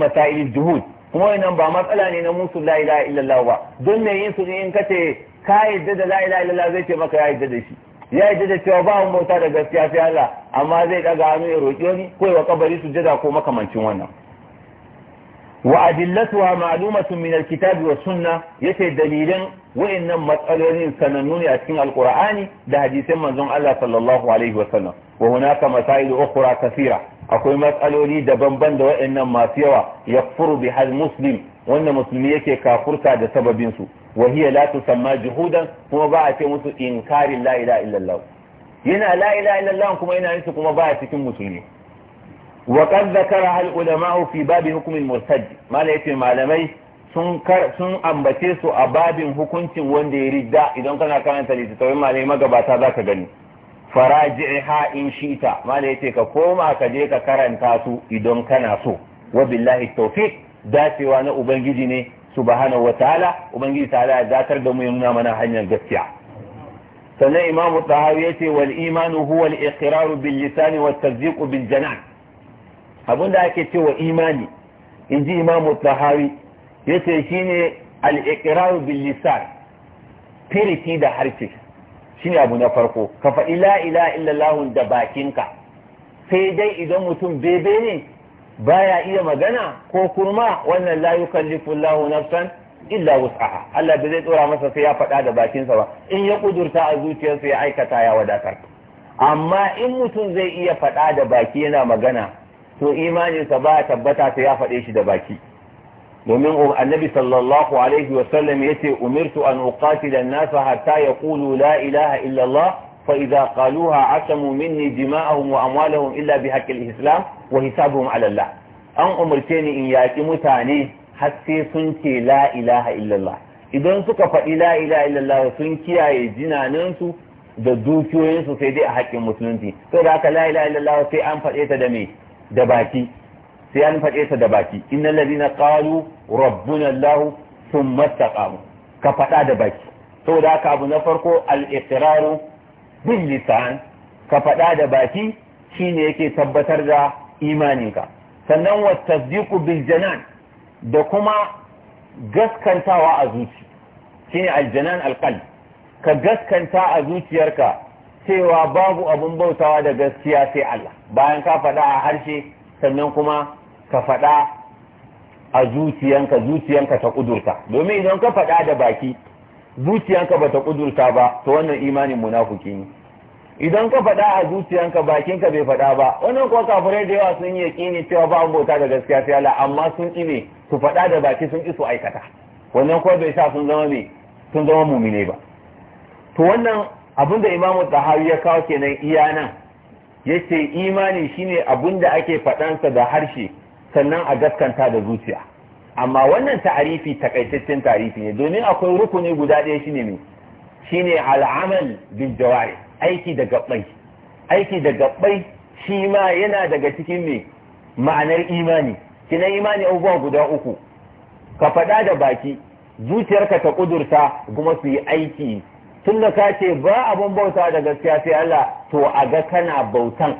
juhud kuma wannan ba matsala ne na musu la ilaha illallah ba don me yin su in kace ka yadda da la ilaha illallah zai ce maka ya yadda da shi ya yi da cewa ba mota bauta da gaskiya sai Allah amma zai daga hannu ya roƙi wani ko ya kabari su jada ko makamancin wannan wa adillatuha ma'lumatun min alkitabi wa sunna yace dalilan wayannan matsalolin sanannu ne a cikin alqur'ani da hadisin manzon Allah sallallahu alaihi wa sallam wa hunaka masail ukhra kathira akwai matsaloli daban-daban da wayannan masu yawa yakfuru bihal muslim wanda musulmi yake kafurta da sababin su wa hiya la tusamma juhudan kuma ba a ce musu inkarin la ilaha illallah yana la ilaha illallah kuma yana yin kuma ba cikin musulmi Waƙar qad zakara al ulama fi babi hukm al murtad mala yace malamai sun ambace su a babin hukuncin wanda ya ridda idan kana karanta littattafai malamai magabata zaka gani faraji'iha in shita mala yace ka koma ka je ka karanta su idan kana so wa billahi tawfiq dacewa na ubangiji ne subhanahu wataala ubangiji ta'ala ya zatar da mu ya nuna mana hanyar gaskiya sannan imamu tahawi yace wal imanu huwa al iqrar bil lisan wa tasdiq bil janan da ake cewa imani inji imamu tahawi yace shine al iqrar bil lisan firiti da harshe shine abu na farko ka faɗi ila illa illallah da bakinka sai dai idan mutum bebe ne baya iya magana ko kurma wannan layukan yukallifu lahu nafsan illa wus'aha Allah da zai tsora masa sai ya faɗa da bakinsa ba in ya kudurta a zuciyarsa ya aikata ya wadatar amma in mutum zai iya faɗa da baki yana magana to imaninsa ba tabbata sai ya faɗe shi da baki domin um, annabi sallallahu alaihi wasallam ya ce umirtu an uqatila an-nasa hatta yaqulu la ilaha illa Allah فإذا قالوها عصموا مني دماءهم وأموالهم إلا بحق الإسلام وحسابهم على الله أن أمرتني إن ni متاني حتى mutane لا إله إلا الله idan suka faɗi la illallah sun kiyaye jinanansu da dukiyoyinsu sai dai a haƙƙin musulunci to da haka la illallah sai an faɗe ta da baki sai an faɗe ta da baki innal ladina qalu rabbuna allah thumma ka faɗa da baki da abu na farko al bin lisan ka faɗa da baki shine yake tabbatar da imaninka sannan wa tasdiqu bil janan da kuma gaskantawa a zuci shine aljanan alqalb ka gaskanta a zuciyarka cewa babu abun bautawa da gaskiya sai Allah bayan ka faɗa a harshe sannan kuma ka faɗa a zuciyanka zuciyanka ta kudurta domin idan ka faɗa da baki zuciyanka bata kudurta ba to wannan imanin munafiki ne idan ka faɗa a zuciyanka bakinka bai faɗa ba wannan kuwa kafirai da yawa sun yi yaƙini cewa ba bauta da gaskiya sai Allah amma sun ki ne su faɗa da baki sun ki su aikata wannan kuwa bai sa sun zama me sun zama mumine ba to wannan abin da imamu Tahawi ya kawo kenan iya nan yace imani shine abin da ake faɗansa da harshe sannan a gaskanta da zuciya amma wannan ta'arifi takaitaccen ta'arifi ne domin akwai rukuni guda ɗaya shine ne shine al'amal bin jawari aiki da gabbai aiki da gabbai shi ma yana daga cikin me ma'anar imani kina imani abubuwa guda uku ka faɗa da baki zuciyarka ta kudurta kuma su yi aiki tun da ka ce ba abun bauta da gaskiya sai Allah to a ga kana bautan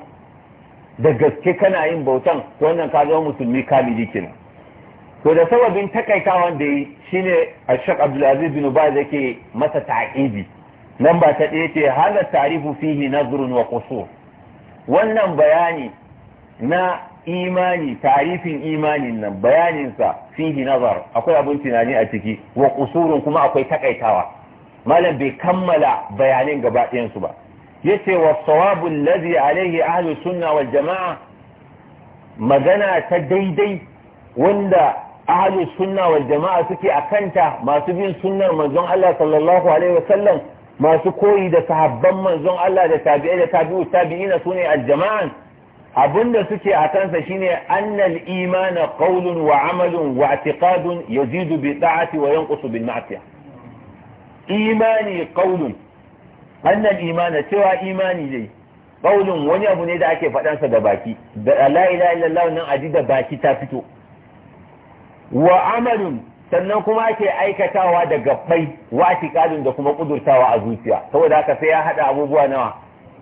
da gaske kana yin bautan wannan ka zama musulmi kamili kenan to da sababin takaitawa da yi shine ashaq abdulaziz bin baz yake masa ta'ibi nan ba ta ɗaya ce hada tarifu fihi nazrun wa qusur wannan bayani na imani tarifin imanin nan bayaninsa fihi nazar akwai abun tunani a ciki wa qusurun kuma akwai takaitawa malam bai kammala bayanin gaba ɗayansu ba yace wa sawabu lazi alaihi ahlus sunna wal jamaa magana ta daidai wanda ahalus sunna wal jama'a suke a kanta masu bin sunnar manzon Allah sallallahu alaihi wasallam masu koyi da sahabban manzon Allah da tabi'ai da tabi'u tabi'ina sune al-jama'an abinda suke a kansa shine annal imana qawlun wa amalun wa i'tiqadun yazidu bi ta'ati wa yanqusu bil ma'siyah imani qawlun annal imana cewa imani dai qawlun wani abu ne da ake faɗansa da baki da la ilaha illallah nan aji da baki ta fito wa amalin sannan kuma ake aikatawa da gabbai wa da kuma kudurtawa a zuciya saboda haka sai ya hada abubuwa nawa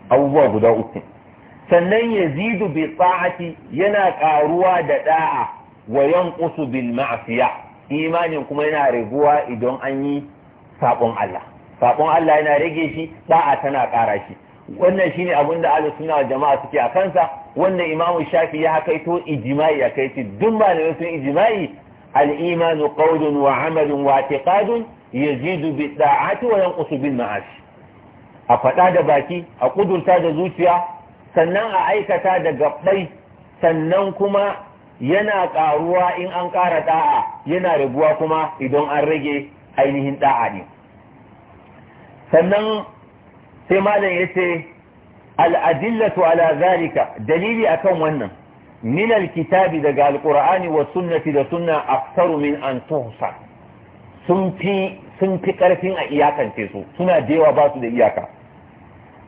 abubuwa guda uku sannan yazidu bi sa'ati yana karuwa da da'a wa yanqusu bil ma'siya imanin kuma yana raguwa idan an yi sabon Allah sabon Allah yana rage shi da'a tana kara shi wannan shine abin da ahlus sunna jama'a suke a kansa wannan imamu shafi ya haƙaito ijma'i ya kai duk malamai sun ijma'i الإيمان قول وعمل واعتقاد يزيد بالطاعة وينقص بالمعاصي a faɗa da baki a ƙudurta da zuciya sannan a aikata da gabbai sannan kuma yana ƙaruwa in an ƙara ɗa'a yana raguwa kuma idan an rage ainihin ɗa'a ne sannan sai malam ya ce al'adillatu ala zalika dalili akan wannan min kitabi daga alqur'ani wa sunnati da suna aktaru min an sun fi sun karfin a iyakance su suna da yawa ba da iyaka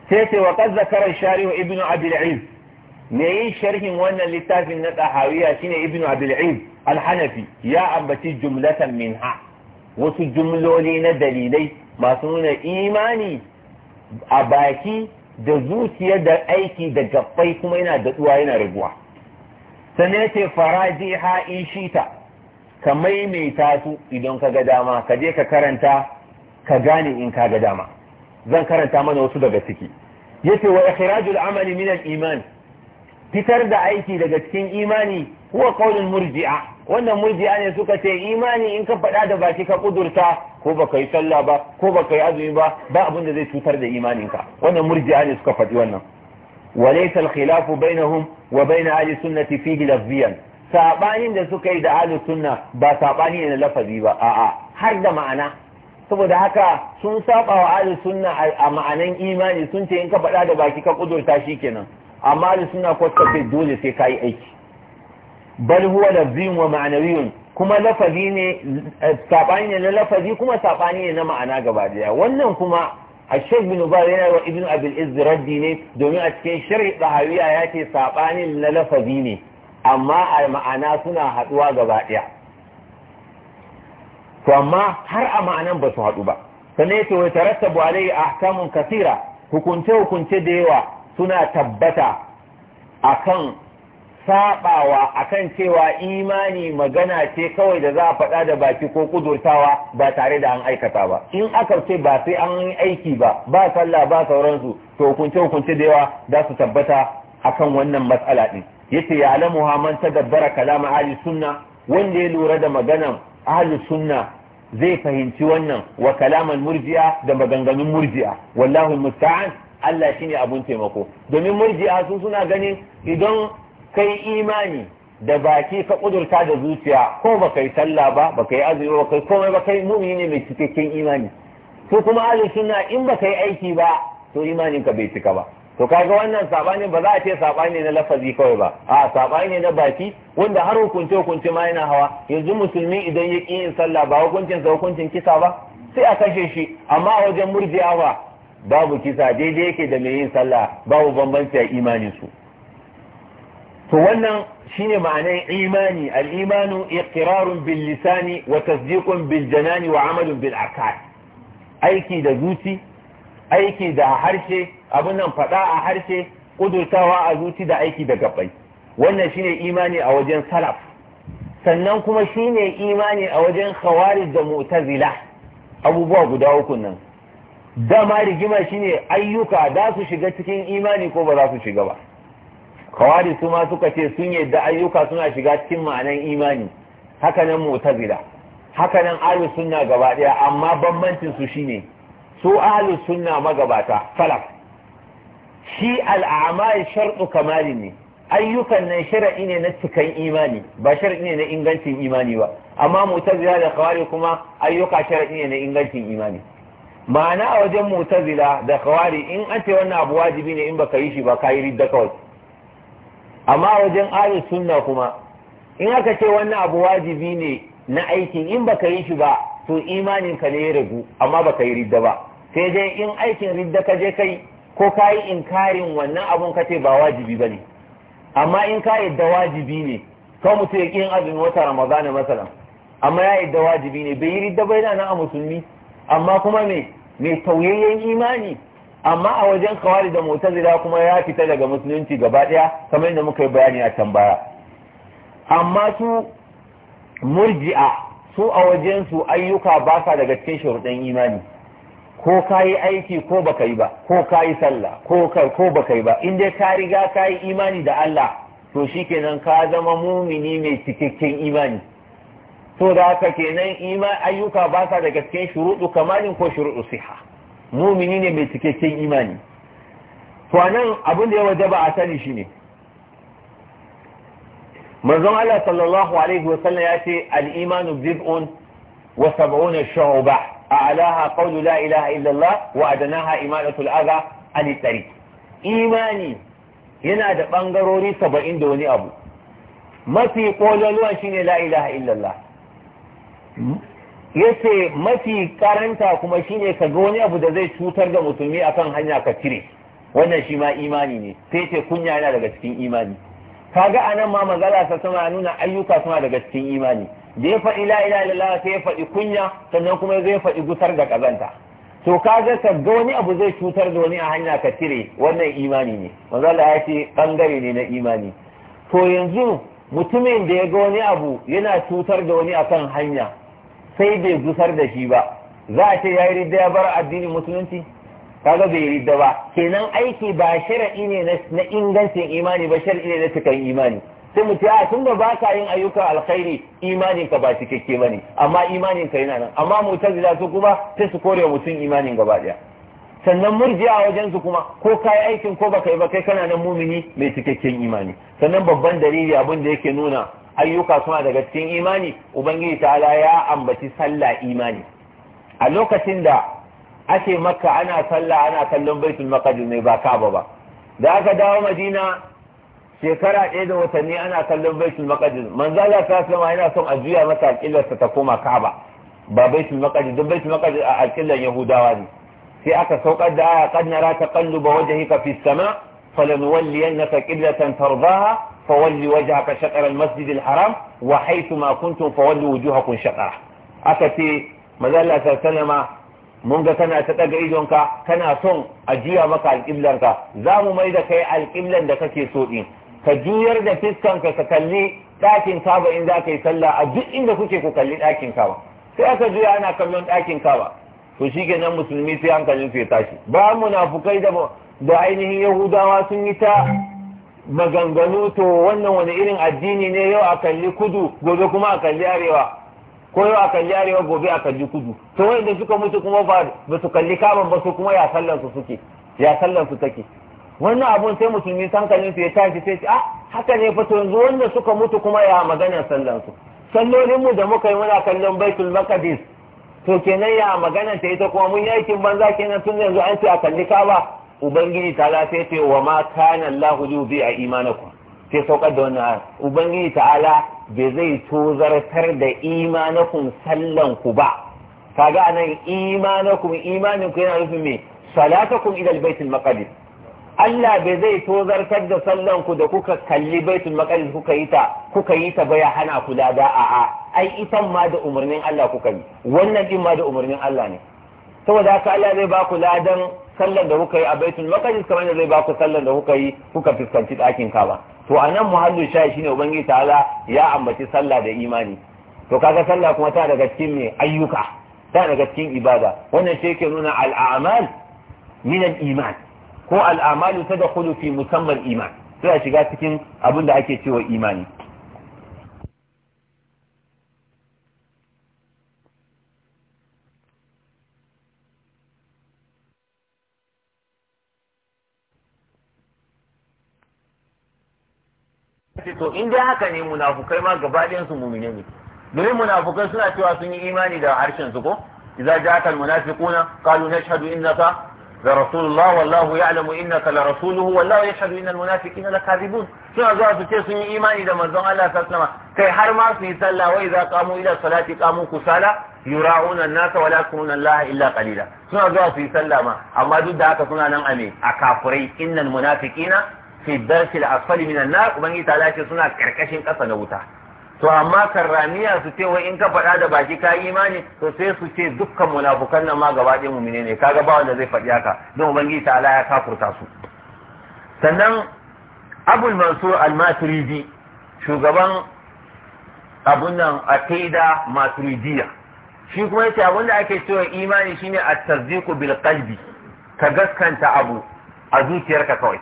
sai sai wa qad zakara shari'u ibnu abi me yin sharhin wannan littafin na tahawiya shine ibnu abi al al-hanafi ya ambaci jumlatan minha wasu jumloli na dalilai masu nuna imani a baki da zuciya da aiki da gaffai kuma yana daɗuwa yana raguwa sannan ya ce faraji ha in ta ka maimaita su idan ka ga dama ka je ka karanta ka gane in ka ga dama zan karanta mana wasu daga ciki yace wa ikhrajul amali min al-iman fitar da aiki daga cikin imani huwa qaulul murji'a wannan murji'a ne suka ce imani in ka faɗa da baki ka kudurta ko baka yi sallah ba ko baka yi azumi ba ba abin da zai cutar da imaninka wannan murji'a ne suka faɗi wannan وليس الخلاف بينهم وبين Ali السنة فيه لفظيا Saɓani da suka yi da ahli sunna ba sabani ne na lafazi ba a'a har da ma'ana saboda haka sun saba wa ahlus sunna a ma'anan imani sun ce in ka faɗa da baki ka kudurta kenan amma ahlus sunna ko ta ce dole sai kai aiki bal huwa lafzin wa ma'anawiyun kuma lafazi ne sabani ne na lafazi kuma sabani ne na ma'ana gaba daya wannan kuma a shek bin ubar yana wa ibn abil izz raddi ne domin a cikin shari'a tsahawiya ya ce saɓanin na lafazi ne amma a ma'ana suna haɗuwa gaba ɗaya to amma har a ma'anan ba haɗu ba sannan yake wai tarattabu alai ahkamun kasira hukunce hukunce da yawa suna tabbata akan saɓawa akan cewa imani magana ce kawai da za a faɗa da baki ko kudurtawa ba tare da an aikata ba in aka ce ba sai an yi aiki ba ba sallah ba sauransu to hukunce hukunce da yawa za su tabbata akan wannan matsala din yace ya alamu man tadabbara kalama ahli sunna wanda ya lura da maganan ahli sunna zai fahimci wannan wa kalaman murji'a da maganganun murji'a wallahu musta'an Allah shine abun taimako domin murji'a su suna ganin idan kai imani da baki ka kudurta da zuciya ko bakai kai sallah ba ba kai azumi ba kai komai ba kai mumini ne mai cikakken imani to kuma ahlus sunna in baka yi aiki ba to imanin ka bai cika ba to kaga wannan sabani ba za a ce sabani na lafazi kawai ba a sabani ne na baki wanda har hukunce hukunce ma yana hawa yanzu musulmi idan ya ƙi yin sallah ba hukuncin sa hukuncin kisa ba sai a kashe shi amma a wajen murjiya ba babu kisa daidai yake da mai yin sallah babu bambanci a imanin su to wannan shine ma'anar imani al-imanu iqrarun bil lisani wa tasdiqun bil janani wa amalun bil aqal aiki da zuci aiki da harshe abun nan fada a harshe kudurtawa a zuci da aiki da gabbai wannan shine imani a wajen salaf sannan kuma shine imani a wajen khawarij da mu'tazila abubuwa guda uku nan dama rigima shine ayyuka za su shiga cikin imani ko ba za su shiga ba kawari su ma suka ce sun yi yadda ayyuka suna shiga cikin ma'anan imani haka nan mu'tazila haka nan ahlus sunna gaba daya amma bambancin su shine su ahlus sunna magabata falak shi al'amal shartu kamali ne ayyukan nan shar'i ne na cikan imani ba shar'i ne na ingancin imani ba amma mu'tazila da kawari kuma ayyuka shar'i ne na ingancin imani ma'ana a wajen mu'tazila da kawari in an ce wannan abu wajibi ne in baka yi shi ba ka yi ridda kawai amma wajen ahli sunna kuma in aka ce wannan abu wajibi ne na aikin in baka yi shi ba to imanin ka ne ya ragu amma baka yi ridda ba sai dai in aikin ridda ka je kai ko ka yi inkarin wannan abun ka ce ba wajibi ba ne amma in ka yadda wajibi ne ka mutu ya kin azumin wata ramadana masalan amma ya yadda wajibi ne bai yi ridda ba yana na a musulmi amma kuma me mai tauyayyen imani amma a wajen kawari da mu'tazila kuma ya fita daga musulunci gaba daya kamar yadda muka yi bayani a can baya amma su murji'a su a wajen su ayyuka ba sa daga cikin sharuɗan imani ko ka yi aiki ko baka yi ba ko ka yi sallah ko ko baka yi ba in dai ka riga ka yi imani da Allah to shikenan ka zama mumini mai cikakken imani to da haka kenan ayyuka ba sa daga cikin shuruɗu kamalin ko shuruɗu siha mumini ne mai cikakken imani to anan abin da ya wajaba a sani shi ne. manzon Allah sallallahu alaihi wa sallam ya ce al-imanu bid'un wa sab'una shu'ba a'laha qawlu la ilaha illa Allah wa adnaha imanatu aga adha an imani yana da bangarori 70 da wani abu mafi kololuwan shine la ilaha illa Allah Ya ce mafi karanta kuma shine ka ga wani abu da zai cutar da musulmi akan hanya ka cire wannan shi ma imani ne sai ce kunya yana daga cikin imani kaga anan ma magana ta sama nuna ayyuka suna daga cikin imani da ya faɗi la ilaha illallah sai ya faɗi kunya sannan kuma zai faɗi gusar da kazanta to kaga ka ga wani abu zai cutar da wani a hanya ka cire wannan imani ne manzo ya ce bangare ne na imani to yanzu mutumin da ya ga wani abu yana cutar da wani akan hanya sai bai gusar da shi ba za a ce ya yi ridda ya bar addinin musulunci kaga bai ridda ba kenan aiki ba shari'i ne na ingancin imani ba shari'i ne na cikin imani sai mu ta ah, tunda ba ka yin ayyukan alkhairi imanin ka ba cikakke bane amma imanin ka yana nan amma mu'tazila su kuma sai su kore mutum imanin gaba daya sannan murjiya wajen su kuma ko kai aikin ko baka yi ba kai kana nan mumini mai cikakken imani sannan babban dalili abin da yake nuna ayyuka suna daga cikin imani ubangiji ala ya ambaci sallah imani a lokacin da ake maka ana sallah ana kallon baitul maqdis ne ba kaba ba da aka dawo madina shekara ɗaya da watanni ana kallon baitul maqdis manzo Allah ta sama yana son a juya masa alƙillarsa ta koma kaba ba baitul maqdis duk baitul maqdis a alƙillar yahudawa ne sai aka saukar da aya qad nara taqalluba wajhika fis sama' falanuwalliyannaka qiblatan tardaha فولي وجهك شطر المسجد الحرام وحيث ما كنتم فولي وجوهكم شطره أكتي ماذا الله سلسلم mun ga kana ta daga idonka kana son ajiya maka alƙiblanka za mu mai da kai alƙiblan da kake so ɗin ka juyar da fiskanka ka kalli ɗakin kaba in za ka yi sallah a duk inda kuke ku kalli ɗakin kaba sai aka juya ana kallon ɗakin kaba to shi kenan musulmi sai hankalin su ya tashi ba munafukai da da ainihin yahudawa sun yi ta maganganu to wannan wani irin addini ne yau a kalli kudu gobe kuma a kalli arewa ko yau a kalli arewa gobe a kalli kudu to wanda suka mutu kuma ba ba su kalli kaban ba su kuma ya sallan su suke ya sallan su take wannan abun sai musulmi sankalin su ya tashi sai ce ah haka ne fa to yanzu wanda suka mutu kuma ya magana sallan su sallolin mu da muka yi muna kallon baitul maqdis to kenan ya magana ta ita kuma mun yakin banza kenan tun yanzu an ce a kalli kaba ubangiji ta'ala sai ce wa ma kana Allah bi a imanakum sai saukar da wannan ubangiji ta'ala bai zai tozartar da imanakum sallan ku ba kaga anan imanakum imanin ku yana nufin me salatakum ila baitul maqdis Allah bai zai tozartar da sallan ku da kuka kalli baitul maqdis kuka yi ta kuka yi ta baya hana ku da a'a ai itan ma da umarnin Allah kuka yi wannan din ma da umarnin Allah ne saboda haka Allah zai ba ku ladan sallar da kuka yi a baitul maqdis kamar da zai ba ku sallar da kuka yi kuka fuskanci ɗakin kaba to a nan muhallin shayi shine ubangiji ta'ala ya ambaci sallah da imani to kaga sallah kuma ta daga cikin me ayyuka ta daga cikin ibada wannan shi yake nuna al'amal min al-iman ko al'amalu tadkhulu fi musamman iman sai shiga cikin abin da ake cewa imani to in dai haka ne munafukai ma gaba ɗayan su mumine ne domin munafukai suna cewa sun yi imani da harshen su ko idza ja'aka almunafiquna qalu nashhadu innaka la rasulullah wallahu ya'lamu innaka la rasuluhu wallahu yashhadu innal munafiqina lakadibun suna zuwa su ce sun yi imani da manzon Allah sallallahu kai har ma su yi sallah wai idza qamu ila salati qamu kusala yura'una an-nasa wa la yakununa Allah illa qalila suna zuwa su yi sallah ma amma duk da haka suna nan ame a kafurai innal munafiqina fi darsil asfali minan nar ubangi ta ce suna karkashin kasa na wuta to amma karramiya su ce wai in ka faɗa da baki ka imani to sai su ce dukkan munafukan nan ma gaba ɗaya mumine ne kaga ba wanda zai faɗi haka don ubangi ta ya kafurta su sannan abul mansur al-maturidi shugaban abun nan aqida maturidiya shi kuma yace abun da ake cewa imani shine at-tasdiqu bil qalbi ka gaskanta abu a zuciyarka kawai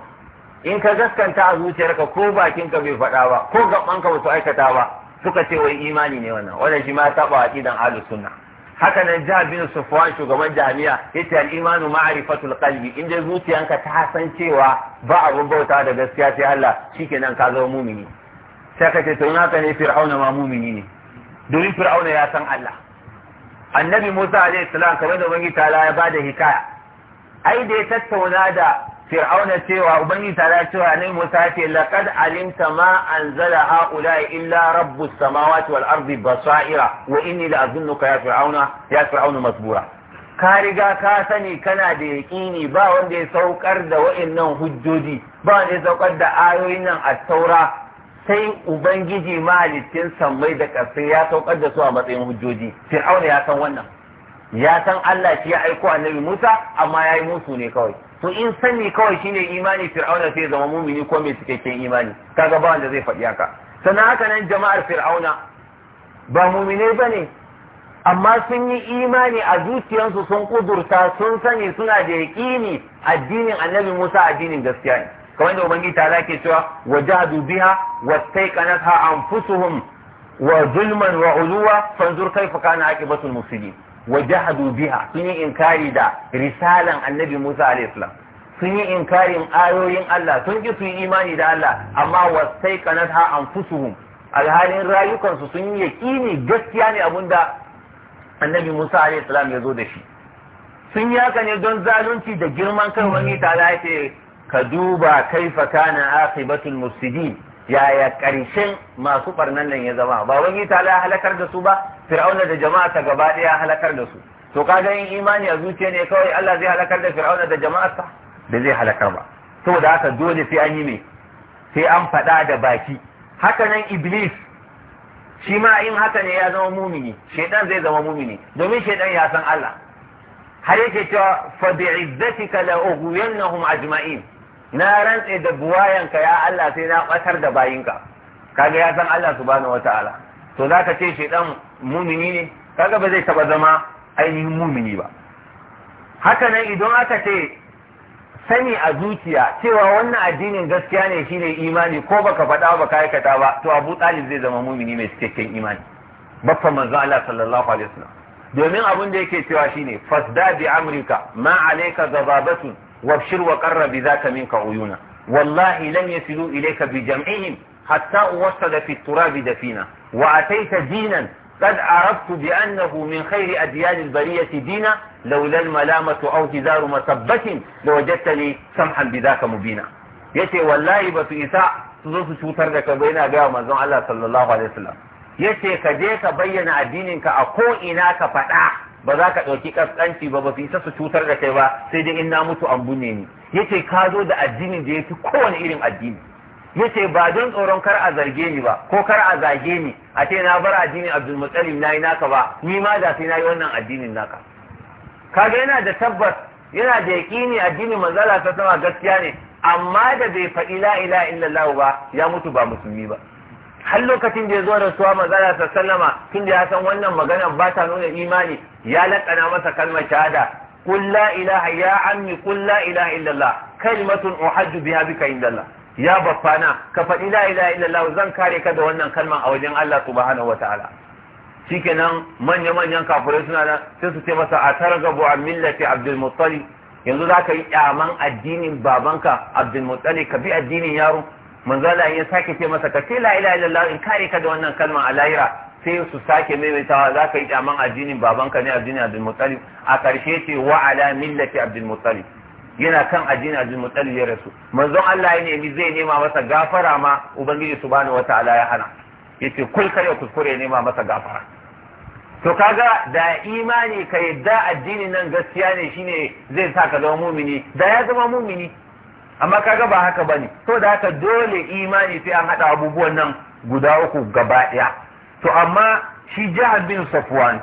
in ka gaskanta a zuciyarka ko bakinka bai faɗa ba ko gabanka ba su aikata ba suka ce wai imani ne wannan wannan shi ma taba aqidan ahlus sunna haka nan ja bin sufwan shugaban jami'a yace al imanu ma'rifatul qalbi in dai zuciyanka ta san cewa ba abun bauta da gaskiya sai Allah shikenan ka zama mumini sai ka ce to in ka ne fir'auna ma mumini ne domin fir'auna ya san Allah annabi Musa alaihi salam kamar da ubangiji ta ya bada hikaya ai da ya tattauna da fir'auna cewa ubangiji ta cewa ne musa ce laqad alimta ma anzala haula illa Rabbu samawati wal ardi basaira wa inni la azunnuka ya fir'auna ya fir'auna masbura ka riga ka sani kana da yaƙini ba wanda ya saukar da wa'annan hujjoji ba wanda ya saukar da ayoyin nan a taura sai ubangiji mahalicin sammai da ƙasai ya saukar da su a matsayin hujjoji fir'auna ya san wannan ya san Allah shi ya aiko annabi Musa amma ya yi musu ne kawai to in sani kawai shine imani fir'auna sai zama mumini ko mai cikakken imani kaga ba wanda zai faɗi haka sannan haka nan jama'ar fir'auna ba mumine ne. amma sun yi imani a zuciyarsu sun kudurta sun sani suna da yaƙini addinin annabi Musa addinin gaskiya ne kamar da ubangiji ta ke cewa wajadu biha wastaiqanatha anfusuhum wa zulman wa uluwa fanzur kaifa kana aqibatul mufsidin wa jahadu biha sun yi inkari da risalan annabi Musa alayhi salam sun yi inkarin ayoyin Allah sun ki su imani da Allah amma wasaiqanat ha anfusuhum alhalin rayukansu sun yi yaqini gaskiya ne da annabi Musa alayhi ya zo da shi sun yi haka ne don zalunci da girman kai wani ta ce ka duba kaifa kana aqibatul mufsidin yaya ƙarshen masu ɓarnan nan ya zama ba wani ta ya halakar da su ba fir'auna da jama'a ta gaba ɗaya halakar da su to kaga yin imani a zuciya ne kawai Allah zai halakar da fir'auna da jama'a ta da zai halakar ba da haka dole sai an yi me sai an faɗa da baki haka nan iblis shi ma in haka ne ya zama mumini shaidan zai zama mumini domin shaidan ya san Allah har yake cewa fa bi'izzatika la ajma'in na rantse da buwayanka ya Allah sai na batar da bayinka kaga ya san Allah subhanahu wataala to zaka ce shedan mumini ne kaga ba zai taba zama ainihin mumini ba haka nan idan aka ce sani a zuciya cewa wannan addinin gaskiya ne shine imani ko baka faɗa ba ka aikata ba to Abu Talib zai zama mumini mai cikakken imani bakka manzo Allah sallallahu alaihi wasallam domin abin da yake cewa shine fasda bi amrika ma alayka zababatu وابشر وقر بذاك منك عيونا والله لن يصلوا إليك بجمعهم حتى أوصل في التراب دفينا وأتيت دينا قد عرفت بأنه من خير أديان البرية دينا لولا الملامة أو جدار مسبة لوجدتني سمحا بذاك مبينا yace wallahi ba su isa su zo su cutar da ka bayyana ga manzon Allah sallallahu alaihi wasallam yace ka je ka bayyana addinin ka a ko ina ka faɗa ba za ka ɗauki ƙasƙanci ba ba su isa su cutar da kai ba sai dai in na mutu an bune ni yace ka zo da addinin da ya fi kowane irin addini yace ba don tsoron kar a zarge ni ba ko kar a zage ni a ce na bar addinin abdulmutsalim na yi naka ba ni ma da sai na yi wannan addinin naka kaga yana da tabbas yana da yaƙini addinin manzala ta sama gaskiya ne amma da bai faɗi la ilaha illallah ba ya mutu ba musulmi ba har lokacin da ya zo rasuwa manzala ta sallama tun da ya san wannan magana ba ta nuna imani ya laƙana masa kalmar shahada qul la ilaha ya ammi qul la ilaha illallah kalimatun uhajju biha bika indallah ya baffana ka faɗi la ilaha illallah zan kare ka da wannan kalman a wajen Allah subhanahu wataala shikenan manya-manyan kafirai suna nan sai su ce masa a targabu a millati abdul muttalib yanzu za ka yi kyaman addinin babanka abdul muttalib ka bi addinin yaro manzo Allah ya sake ce masa ka ce la ilaha illallah in kare ka da wannan kalma a lahira sai su sake maimaitawa za ka yi kyaman addinin babanka ne addinin abdulmuttalib a karshe ce wa ala millati yana kan addinin abdulmuttalib ya rasu manzon Allah ya nemi zai nema masa gafara ma ubangiji subhanahu wataala ya hana yace kul kare ya kuskure nema masa gafara to kaga da imani ka yadda addinin nan gaskiya ne shine zai sa ka zama mumini da ya zama mumini amma kaga ba haka bane to da haka dole imani sai an hada abubuwan nan guda uku gaba daya to amma shi jihar bin safwan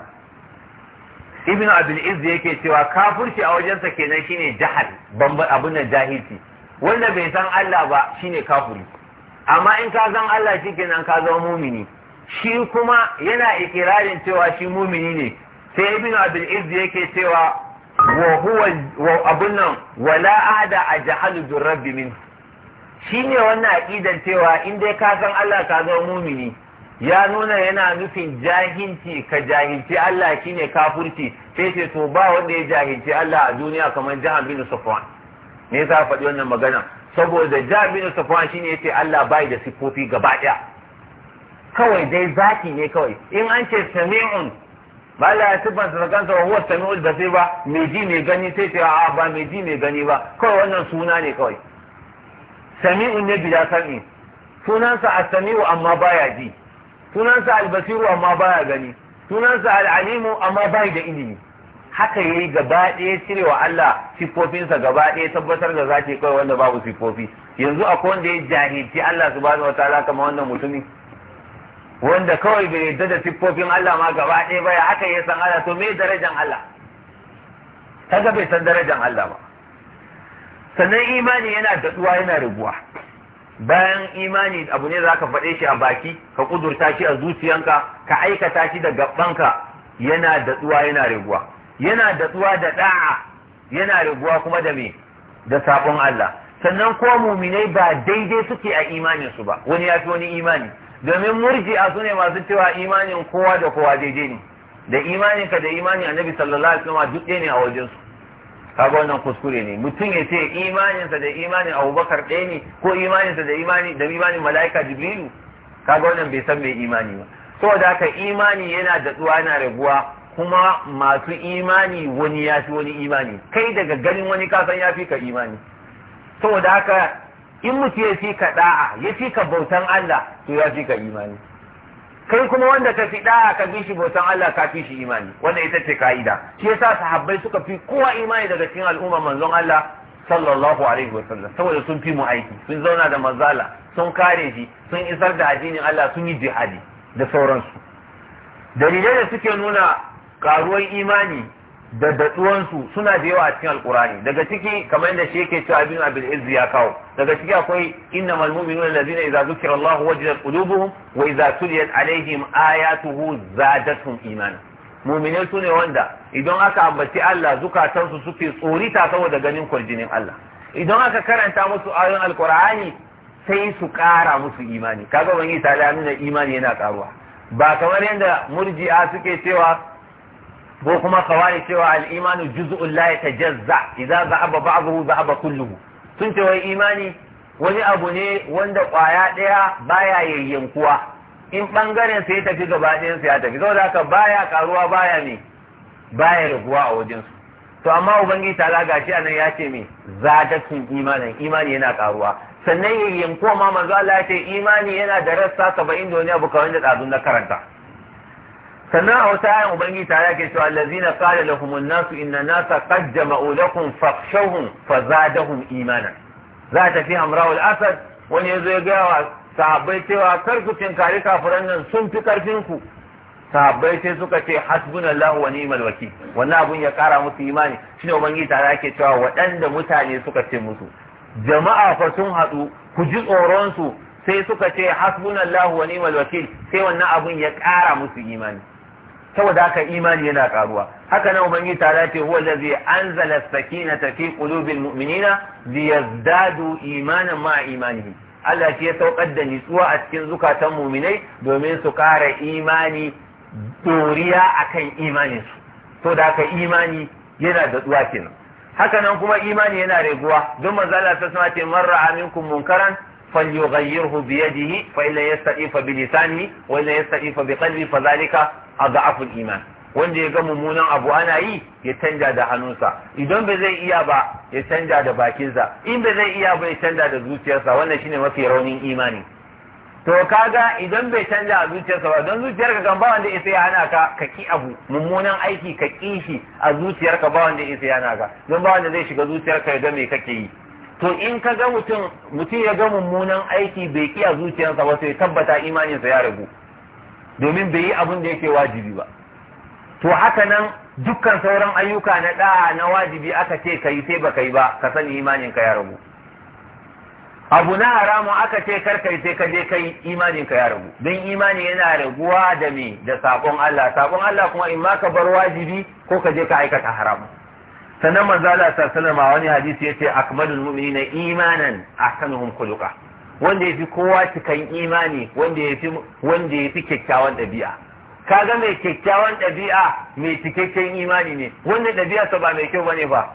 ibn abdul izz yake cewa kafirci a wajensa kenan shine jahal bamban abun nan jahilci wanda bai san Allah ba shine kafiri amma in ka san Allah kenan ka zama mumini shi kuma yana ikirarin cewa shi mumini ne sai ibn abduliz izz yake cewa wa abun nan wala ahada ajhalu bi rabbi min Shi ne wannan aƙidar cewa in dai ka san Allah ka ga mumini ya nuna yana nufin jahilci ka jahilci Allah shine kafurci sai ce to ba wanda ya jahilci Allah a duniya kamar Jihar bin Safwan me yasa faɗi wannan magana saboda Jihar bin Safwan shine yace Allah bai da sifofi gaba ɗaya kawai dai zaki ne kawai in an ce sami'un ba la ya siffanta da kansa wa huwa samiul basir ba mai ji mai gani sai ce a ba mai ji mai gani ba kawai wannan suna ne kawai Sami'u ne bila sami sunansa as-sami'u amma baya ji sunansa al-basiru amma baya gani sunansa al-alimu amma bai da ilimi haka yayi gaba ɗaya wa Allah siffofinsa gaba ɗaya tabbatar da zati kawai wanda babu siffofi yanzu akwai wanda ya jahilci Allah subhanahu wataala kamar wannan mutumin wanda kawai bai yadda da siffofin Allah ma gaba ɗaya ba ya haka ya san Allah to me darajan Allah kaga bai san darajan Allah ba sannan imani yana daɗuwa yana raguwa bayan imani abu ne za ka faɗe shi a baki ka kudurta shi a zuciyanka ka aikata shi da gabanka yana daɗuwa yana raguwa yana daɗuwa da ɗa'a yana raguwa kuma da me da sabon Allah sannan ko muminai ba daidai suke a imaninsu ba wani ya fi wani imani domin a su ne masu cewa imanin kowa da kowa daidai ne da imaninka da imanin annabi sallallahu alaihi wasallam duk ne a wajen su kaga wannan kuskure ne mutum ya ce imaninsa da imanin abubakar ɗaya ne ko imaninsa da imani da imanin mala'ika jibrilu kaga wannan bai san mai imani ba saboda haka imani yana da tsuwa yana raguwa kuma masu imani wani ya fi wani imani kai daga ganin wani kasan ya fi ka imani saboda haka in mutu ya fi ka da'a ya fi ka bautan Allah to ya fi ka imani kai kuma wanda ka fi da'a ka fi shi bautan Allah ka fi shi imani wannan ita ce ka'ida shi yasa sahabbai suka fi kowa imani daga cikin al'umma manzon Allah sallallahu alaihi wa saboda sun fi mu aiki sun zauna da manzala sun kare shi sun isar da addinin Allah sun yi jihadi da sauransu dalilai da suke nuna karuwar imani da datsuwansu suna da yawa a cikin alkurani daga ciki kamar yadda shi yake cewa ibn abil izz ya kawo daga ciki akwai mal mu'minuna allazina idza zukira allah wajadat qulubuhum wa idza tuliyat alaihim ayatuhu zadatuhum imana mu'minai su wanda idan aka ambaci Allah zukatansu suke tsorita saboda ganin kurjinin Allah idan aka karanta musu ayoyin alkurani sai su kara musu imani kaga wani ta da nuna imani yana karuwa ba kamar yadda murji'a suke cewa ko kuma kawai cewa al-imanu juz'un la yatajazza idza za'aba ba'dahu za'aba kulluhu tun ce wai imani wani abu ne wanda kwaya daya baya yayyankuwa in bangaren sai ya tafi gaba ɗayan ya tafi saboda haka baya karuwa baya ne baya raguwa a wajen su to amma ubangiji ta gashi anan ya ce me zadatun imanin imani yana karuwa sannan yayyankuwa ma manzo Allah ya ce imani yana da rassa 70 da wani abu kawai da tsazun na karanta sannan a wata ayan ubangi tare ke cewa allazina qala lahum an-nasu inna nasa qad jama'u lakum fakhshawhum fazadahum imana za ta fi amraul asad wani yazo ya ga wa sahabbai cewa kar ku tinkari kafiran nan sun fi karfin ku sahabbai sai suka ce hasbunallahu wa ni'mal wakil wannan abun ya kara musu imani shine ubangi tare ke cewa waɗanda mutane suka ce musu jama'a fa sun hadu, ku ji tsoron su sai suka ce hasbunallahu wa ni'mal wakil sai wannan abun ya kara musu imani saboda haka imani yana karuwa haka nan ubangi tare ce huwa allazi anzala sakinata fi qulubil mu'minina liyazdadu imanan ma imanihi Allah shi ya saukar da nitsuwa a cikin zukatan mu'minai domin su kara imani doriya akan imanin su da haka imani yana da tsuwa kenan haka nan kuma imani yana raguwa don manzo Allah ta sama ce marra aminkum munkaran falyughayyirhu bi fa illa yastatifa bi lisanihi wa illa yastatifa bi qalbi fa zalika A ga afin iman wanda ya ga mummunan abu ana yi ya canja da hannunsa idan ba zai iya ba ya canja da bakinsa in ba zai iya ba ya canja da zuciyarsa wannan shine mafi raunin imani to kaga idan bai canja a zuciyarsa ba don zuciyarka kan ba wanda isa ya hana ka ka ki abu mummunan aiki ka ki shi a zuciyarka ba wanda isa ya hana ka don ba wanda zai shiga zuciyarka ya ga me kake yi to in ka ga mutum ya ga mummunan aiki bai ki a zuciyarsa ba sai tabbata imaninsa ya ragu domin bai yi abin da yake wajibi ba to haka nan dukkan sauran ayyuka na da na wajibi aka ce ka yi sai ba ka yi ba ka sani imanin ka ya ragu abu na haramun aka ce kar ka yi sai ka je kai imanin ka ya ragu don imani yana raguwa da me da sabon Allah sabon Allah kuma in ma ka bar wajibi ko ka je ka aikata haramu. sannan Manzala Allah sallallahu alaihi wasallam wani hadisi yace akmalul mu'minina imanan ahsanuhum khuluqa wanda ya fi kowa cikan imani wanda ya fi kyakkyawan ɗabi'a kaga mai kyakkyawan ɗabi'a mai cikakken imani ne wanda ɗabi'arsa ba mai kyau bane ba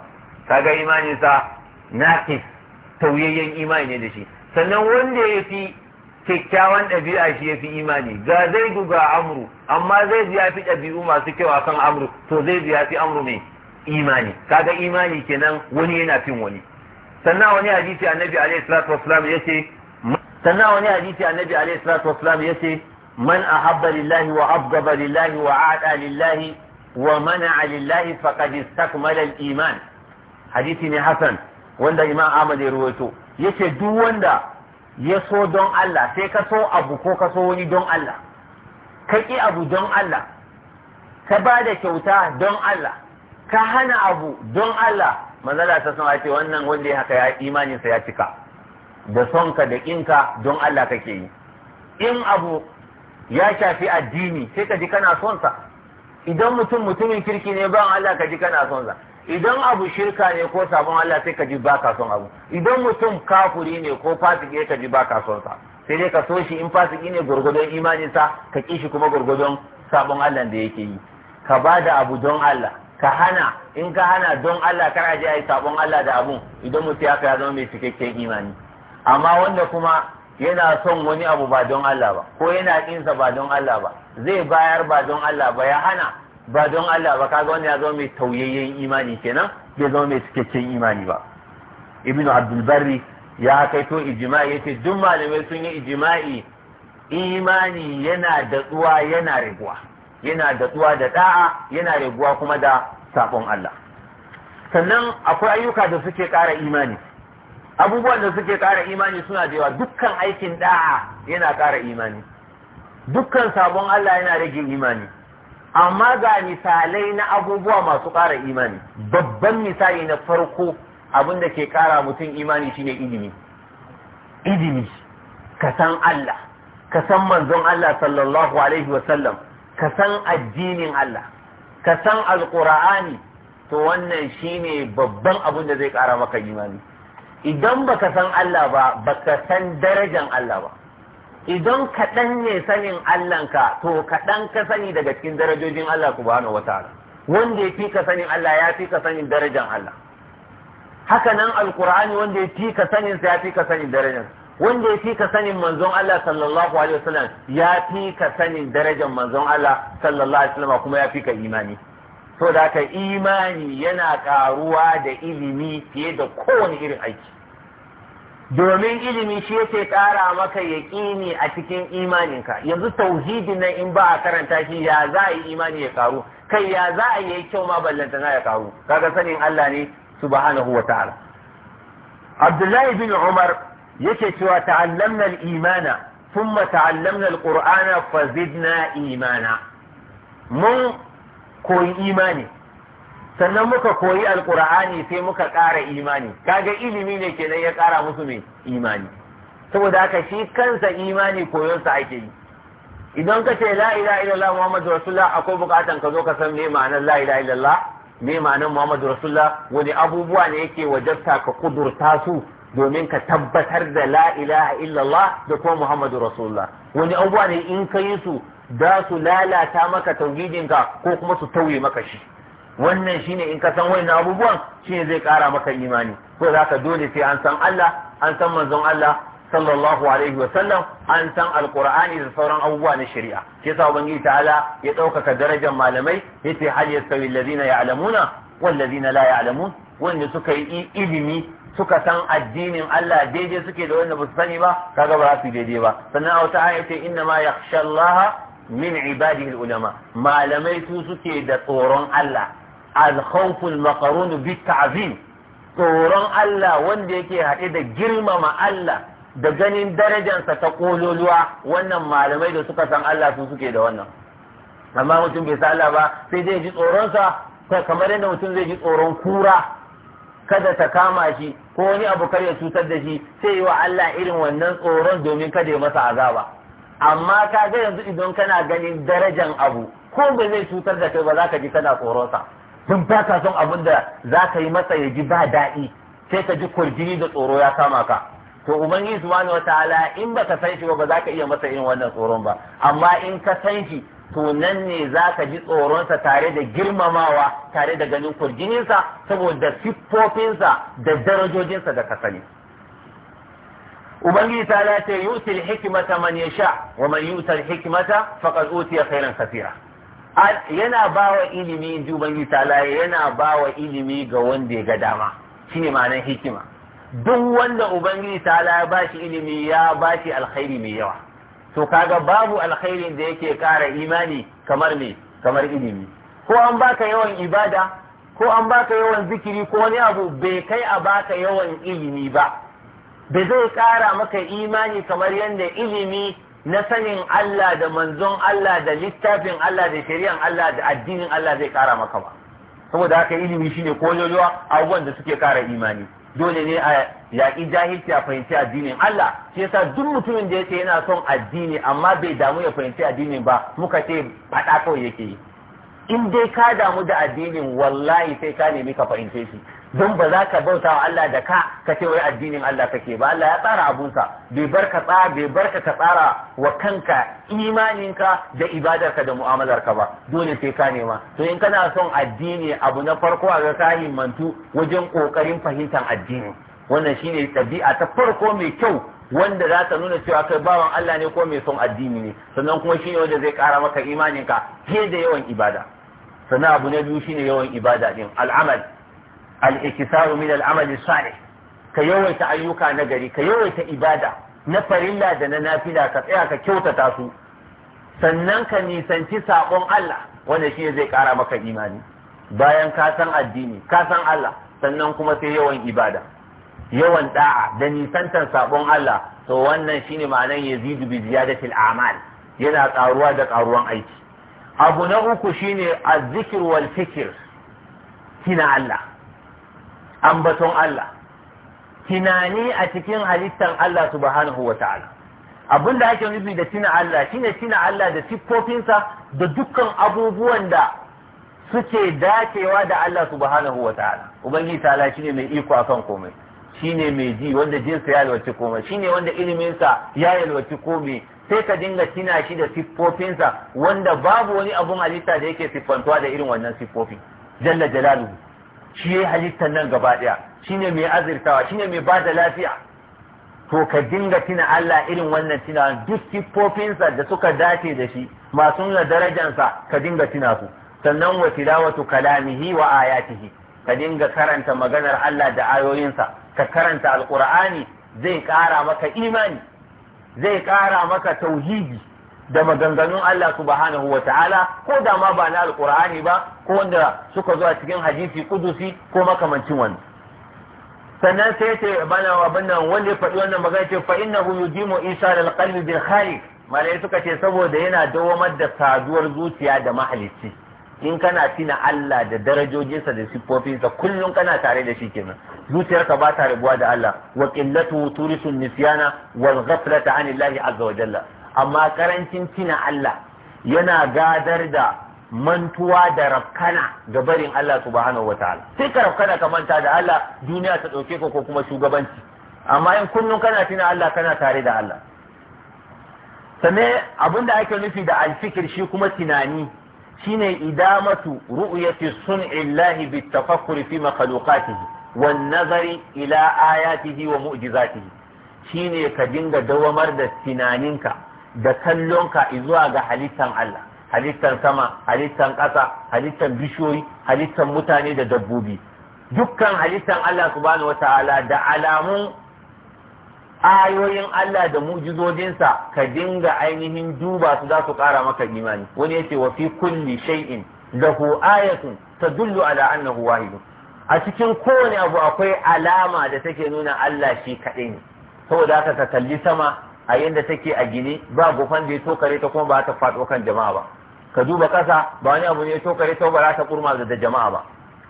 kaga imaninsa naqis tauyayyen imani ne da shi sannan wanda ya fi kyakkyawan ɗabi'a shi ya fi imani ga zai ga amru amma zai ya fi ɗabi'u masu kyau akan amru to zai ya fi amru mai imani kaga imani kenan wani yana fin wani sannan wani hadisi annabi alaihi salatu ya yace sannan wani hadisi annabi alaihi salatu wassalam yace man ahabba lillahi wa abghaba lillahi wa aada lillahi wa mana'a lillahi faqad istakmala al-iman hadisi ne hasan wanda imam ahmad ya ruwaito yace duk wanda ya so don Allah sai ka so abu ko ka so wani don Allah ka ki abu don Allah ka ba da kyauta don Allah ka hana abu don Allah manzala ta sun ce wannan wanda ya haka ya imaninsa ya cika da sonka da kinka don Allah kake yi in abu ya shafi addini sai ka ji kana son idan mutum mutumin kirki ne ba Allah ka ji kana son idan abu shirka ne ko sabon Allah sai ka ji ba ka son abu idan mutum kafuri ne ko fasiki ka ji ba ka son sai dai ka so shi in fasiki ne gurgudon imanin sa ka ki shi kuma gurgudon sabon Allah da yake yi ka ba da abu don Allah ka hana in ka hana don Allah kar a je a yi sabon Allah da abun idan mutum ya ka zama mai cikakken imani amma wanda kuma yana son wani abu ba don Allah ba ko yana kinsa ba don Allah ba zai bayar ba don Allah ba ya hana ba don Allah ba kaga wanda ya zo mai tauyayyen imani kenan bai zama mai cikakken imani ba ibnu abdul barri ya kaito ijma'i yace duk malamai sun yi ijma'i imani yana da tsuwa yana riguwa yana da tsuwa da da'a yana riguwa kuma da sabon Allah sannan akwai ayyuka da suke ƙara imani abubuwan da suke ƙara imani suna da yawa dukkan aikin da'a yana ƙara imani dukkan sabon Allah yana rage imani amma ga misalai na abubuwa masu ƙara imani babban misali na farko abin da ke ƙara mutum imani shine ilimi ilimi ka san Allah ka san manzon Allah sallallahu alaihi wasallam ka san addinin Allah ka san alqur'ani to wannan shine babban abin da zai ƙara maka imani idan baka san Allah ba baka san darajan Allah ba idan kaɗan ne sanin Allahnka to kaɗan ka sani daga cikin darajojin Allah ku wata ala. wanda ya fi ka sanin Allah ya fi ka sanin darajan Allah haka nan alkur'ani wanda ya fi ka sanin sa ya fi ka sanin darajan wanda ya fi ka sanin manzon Allah sallallahu alaihi wasallam ya fi ka sanin darajar manzon Allah sallallahu alaihi wasallam kuma ya fi ka imani to da haka imani yana karuwa da ilimi fiye da kowane irin aiki domin ilimi shi yake ƙara maka yaƙini a cikin imaninka yanzu tauhidi nan in ba a karanta shi ya za a yi imani ya karu kai ya za a yi kyau ma ballanta na ya karu kaga sanin Allah ne subhanahu wa ta'ala Abdullahi bin Umar yake cewa ta'allamna al-imana thumma ta'allamna al-qur'ana fazidna imana mun koyi imani sannan muka koyi alkur'ani sai muka ƙara imani kaga ilimi ne kenan ya ƙara musu mai imani saboda haka shi kansa imani koyonsa ake yi idan ka ce la ilaha illallah muhammadu rasulullah akwai bukatan ka zo ka san me ma'anar la ilaha illallah me ma'anar muhammadu rasulullah wani abubuwa ne yake wajabta ka kudurta su domin ka tabbatar da la ilaha illallah da kuma muhammadu rasulullah wani abubuwa ne in ka yi su za su lalata maka tauhidinka ko kuma su tauye maka shi wannan shine in ka san wannan abubuwan shine zai kara maka imani ko ka dole sai an san Allah an san manzon Allah sallallahu alaihi wa sallam an san alqur'ani da sauran abubuwa na shari'a shi yasa ubangiji ta'ala ya ɗaukaka darajar malamai yace hal yastawi alladhina ya'lamuna wal ladina la ya'lamun wanda suka yi ilimi suka san addinin Allah daidai suke da wanda basu sani ba kaga ba su daidai ba sannan a wata aya ce inna ma yakhsha Allah min ibadihi ulama malamai su suke da tsoron Allah alkhawful maqarun bit ta'zim tsoron Allah wanda yake haɗe da girmama Allah da ganin darajansa ta kololuwa wannan malamai da suka san Allah su suke da wannan amma mutum bai san Allah ba sai dai ji tsoronsa kamar yadda mutum zai ji tsoron kura kada ta kama shi ko wani abu kar ya cutar da shi sai yi wa Allah irin wannan tsoron domin kada ya masa azaba amma ka ga yanzu idan kana ganin darajan abu ko ba zai cutar da kai ba za ka ji kana tsoronsa tun ba ka son abin da za ka yi masa ya ji ba daɗi sai ka ji kurjini da tsoro ya kama ka to ubangiji subhanahu wataala in ba ka san shi ba za ka iya masa irin wannan tsoron ba amma in ka san shi to nan ne za ka ji tsoronsa tare da girmamawa tare da ganin kurjininsa saboda siffofinsa da darajojinsa da ka sani ubangiji ta lati yutil hikimata man yasha wa man yutil hikimata faqad utiya khairan kathira yana ba wa ilimi duban ta'ala yana ba wa ilimi ga wanda ya ga dama shine ma'anar hikima duk wanda ubangiji ta'ala ya ba shi ilimi ya ba shi alkhairi mai yawa to kaga babu alkhairin da yake kara imani kamar me kamar ilimi ko an baka yawan ibada ko an baka yawan zikiri ko wani abu bai kai a baka yawan ilimi ba bai zai kara maka imani kamar yadda ilimi na sanin Allah da manzon Allah da littafin Allah da shari'an Allah da addinin Allah zai kara maka ba saboda haka ilimi shine a abubuwan da suke kara imani dole ne a yaƙi jahilci a fahimci addinin Allah shi yasa duk mutumin da yake yana son addini amma bai damu ya fahimci addinin ba muka ce faɗa kawai yake yi in dai ka damu da addinin wallahi sai ka nemi ka fahimce shi don ba za ka bauta wa Allah da ka ka ce wai addinin Allah kake ba Allah ya tsara abunsa bai bar ka tsara bai bar ka tsara wa kanka imaninka da ibadarka da mu'amalarka ba dole sai ka nema to in kana son addini abu na farko a ga ka himmantu wajen kokarin fahimtar addini wannan shine ɗabi'a ta farko mai kyau wanda za ta nuna cewa kai bawan Allah ne ko mai son addini ne sannan kuma shine wanda zai kara maka imaninka fiye da yawan ibada sannan abu na biyu shine yawan ibada din al'amal al-iktisaru min al sai ka yawaita ayyuka na gari ka yawaita ibada na farilla da na nafila ka tsaya ka kyautata su sannan ka nisanci saƙon Allah wanda shi zai kara maka imani bayan ka san addini ka san Allah sannan kuma sai yawan ibada yawan da'a da nisantan saƙon Allah to wannan shine ma'anar yazidu bi ziyadatil a'mal yana ƙaruwa da ƙaruwan aiki abu na uku shine azzikr wal fikr kina Allah ambaton Allah tunani a cikin halittar Allah subhanahu wa ta'ala abin da ake nufi da tuna Allah shine tuna Allah da siffofinsa da dukkan abubuwan da suke dacewa da Allah subhanahu wa ta'ala ubangiji ta'ala shine mai iko akan komai shine mai ji wanda jinsa ya yalwaci komai shine wanda iliminsa ya yalwaci komai sai ka dinga tuna shi da siffofinsa wanda babu wani abun halitta da yake siffantuwa da irin wannan siffofin jalla jalaluhu shi ya halittar nan gaba ɗaya shi ne mai azirtawa shi ne mai ba da lafiya to ka dinga tuna Allah irin wannan tina duk siffofinsa da suka dace da shi masu nuna darajansa ka dinga tina su sannan wa tilawatu kalamihi wa ayatihi ka dinga karanta maganar Allah da ayoyinsa ka karanta alqur'ani zai kara maka imani zai kara maka tauhidi da maganganun Allah subhanahu wa ta'ala ko da ma ba na alkur'ani ba ko wanda suka zo a cikin hadisi kudusi ko makamancin wani sannan sai ce bana wa nan wanda ya faɗi wannan magana ce fa innahu yujimu isa da qalbi bil khali malai suka ce saboda yana dawamar da saduwar zuciya da mahalicci in kana tina Allah da darajojinsa da siffofinsa kullum kana tare da shi kenan zuciyarka ba ta rabuwa da Allah wa qillatu turisun nisyana wal ghaflata anillahi azza wa jalla amma karancin tina Allah yana gadar da mantuwa da rafkana ga barin Allah subhanahu wataala sai ka rafkana ka manta da Allah duniya ta dauke ka ko kuma shugabanci amma in kullum kana tina Allah kana tare da Allah sannan da ake nufi da alfikir shi kuma tunani shine idamatu ru'yati sun'illahi bitafakkuri fi makhluqatihi wan nazari ila ayatihi wa mu'jizatihi shine ka dinga dawamar da tunaninka da kallonka zuwa ga halittan Allah halittan sama halittan ƙasa halittan bishiyoyi halittan mutane da dabbobi dukkan halittan Allah su subhanahu wataala da alamun ayoyin Allah da mujizodinsa ka dinga ainihin duba su za su ƙara maka imani wani yace wa fi kulli shay'in lahu ayatun tadullu ala annahu wahidun a cikin kowane abu akwai alama da take nuna Allah shi kaɗai ne saboda haka ka kalli sama a yanda take a gine ba gufan da ya tokare ta kuma ba ta faɗo kan jama'a ba ka duba ƙasa ba wani abu ne ya tokare ta ba za ta kurma da jama'a ba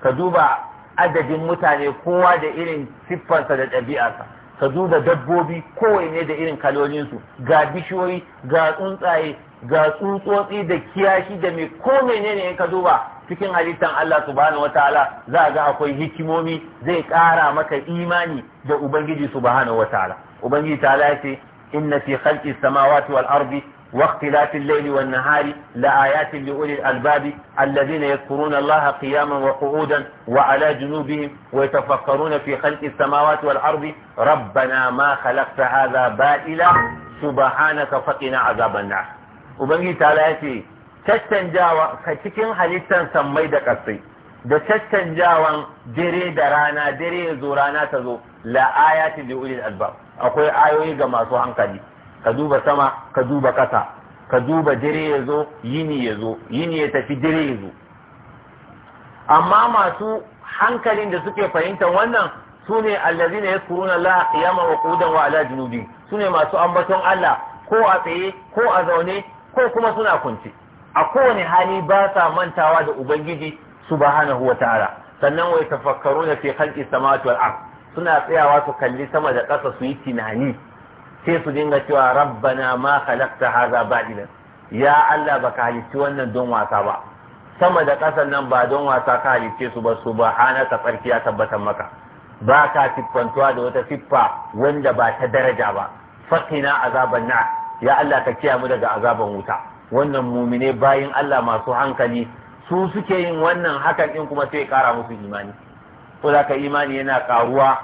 ka duba adadin mutane kowa da irin siffarsa da ɗabi'arsa ka duba dabbobi kowanne da irin kalolinsu ga bishiyoyi ga tsuntsaye ga tsuntsotsi da kiyashi da mai ko ne in ka duba cikin halittar Allah subhanahu ta'ala za ga akwai hikimomi zai ƙara maka imani da ubangiji subhanahu ta'ala ubangiji ta ce إن في خلق السماوات والأرض واختلاف الليل والنهار لآيات لأولي الألباب الذين يذكرون الله قياما وقعودا وعلى جنوبهم ويتفكرون في خلق السماوات والأرض ربنا ما خلقت هذا بائلا سبحانك فقنا عذاب النار وبنجي تعالى caccanjawa ka cikin halittar sammai da ƙasai da caccanjawan dare da rana dare ya zo rana ta zo la ayati li ulil albab akwai ayoyi ga masu hankali ka duba sama ka duba ƙasa ka duba dire ya zo yini ya zo yini ya tafi dire ya zo amma masu hankalin da suke fahimtar wannan su ne allazi ne ya kuruna la qiyama wa qudan wa ala junubi su ne masu ambaton Allah ko a tsaye ko a zaune ko kuma suna kunce a kowane hali ba sa mantawa da ubangiji su subhanahu wa ta'ala sannan wai yatafakkaruna fi khalqi samawati wal suna tsayawa su kalli sama da ƙasa su yi tunani sai su dinga cewa rabbana ma khalaqta hadha ba'ilan ya Allah baka halicci wannan don wasa ba sama da ƙasan nan ba don wasa ka halicce su ba su subhanaka tsarki ya tabbatar maka ba ka siffantuwa da wata siffa wanda ba ta daraja ba fakina azaban na ya Allah ka kiyaye mu daga azaban wuta wannan mumine bayin Allah masu hankali su suke yin wannan hakan din kuma sai ya kara musu imani ko da ka imani yana karuwa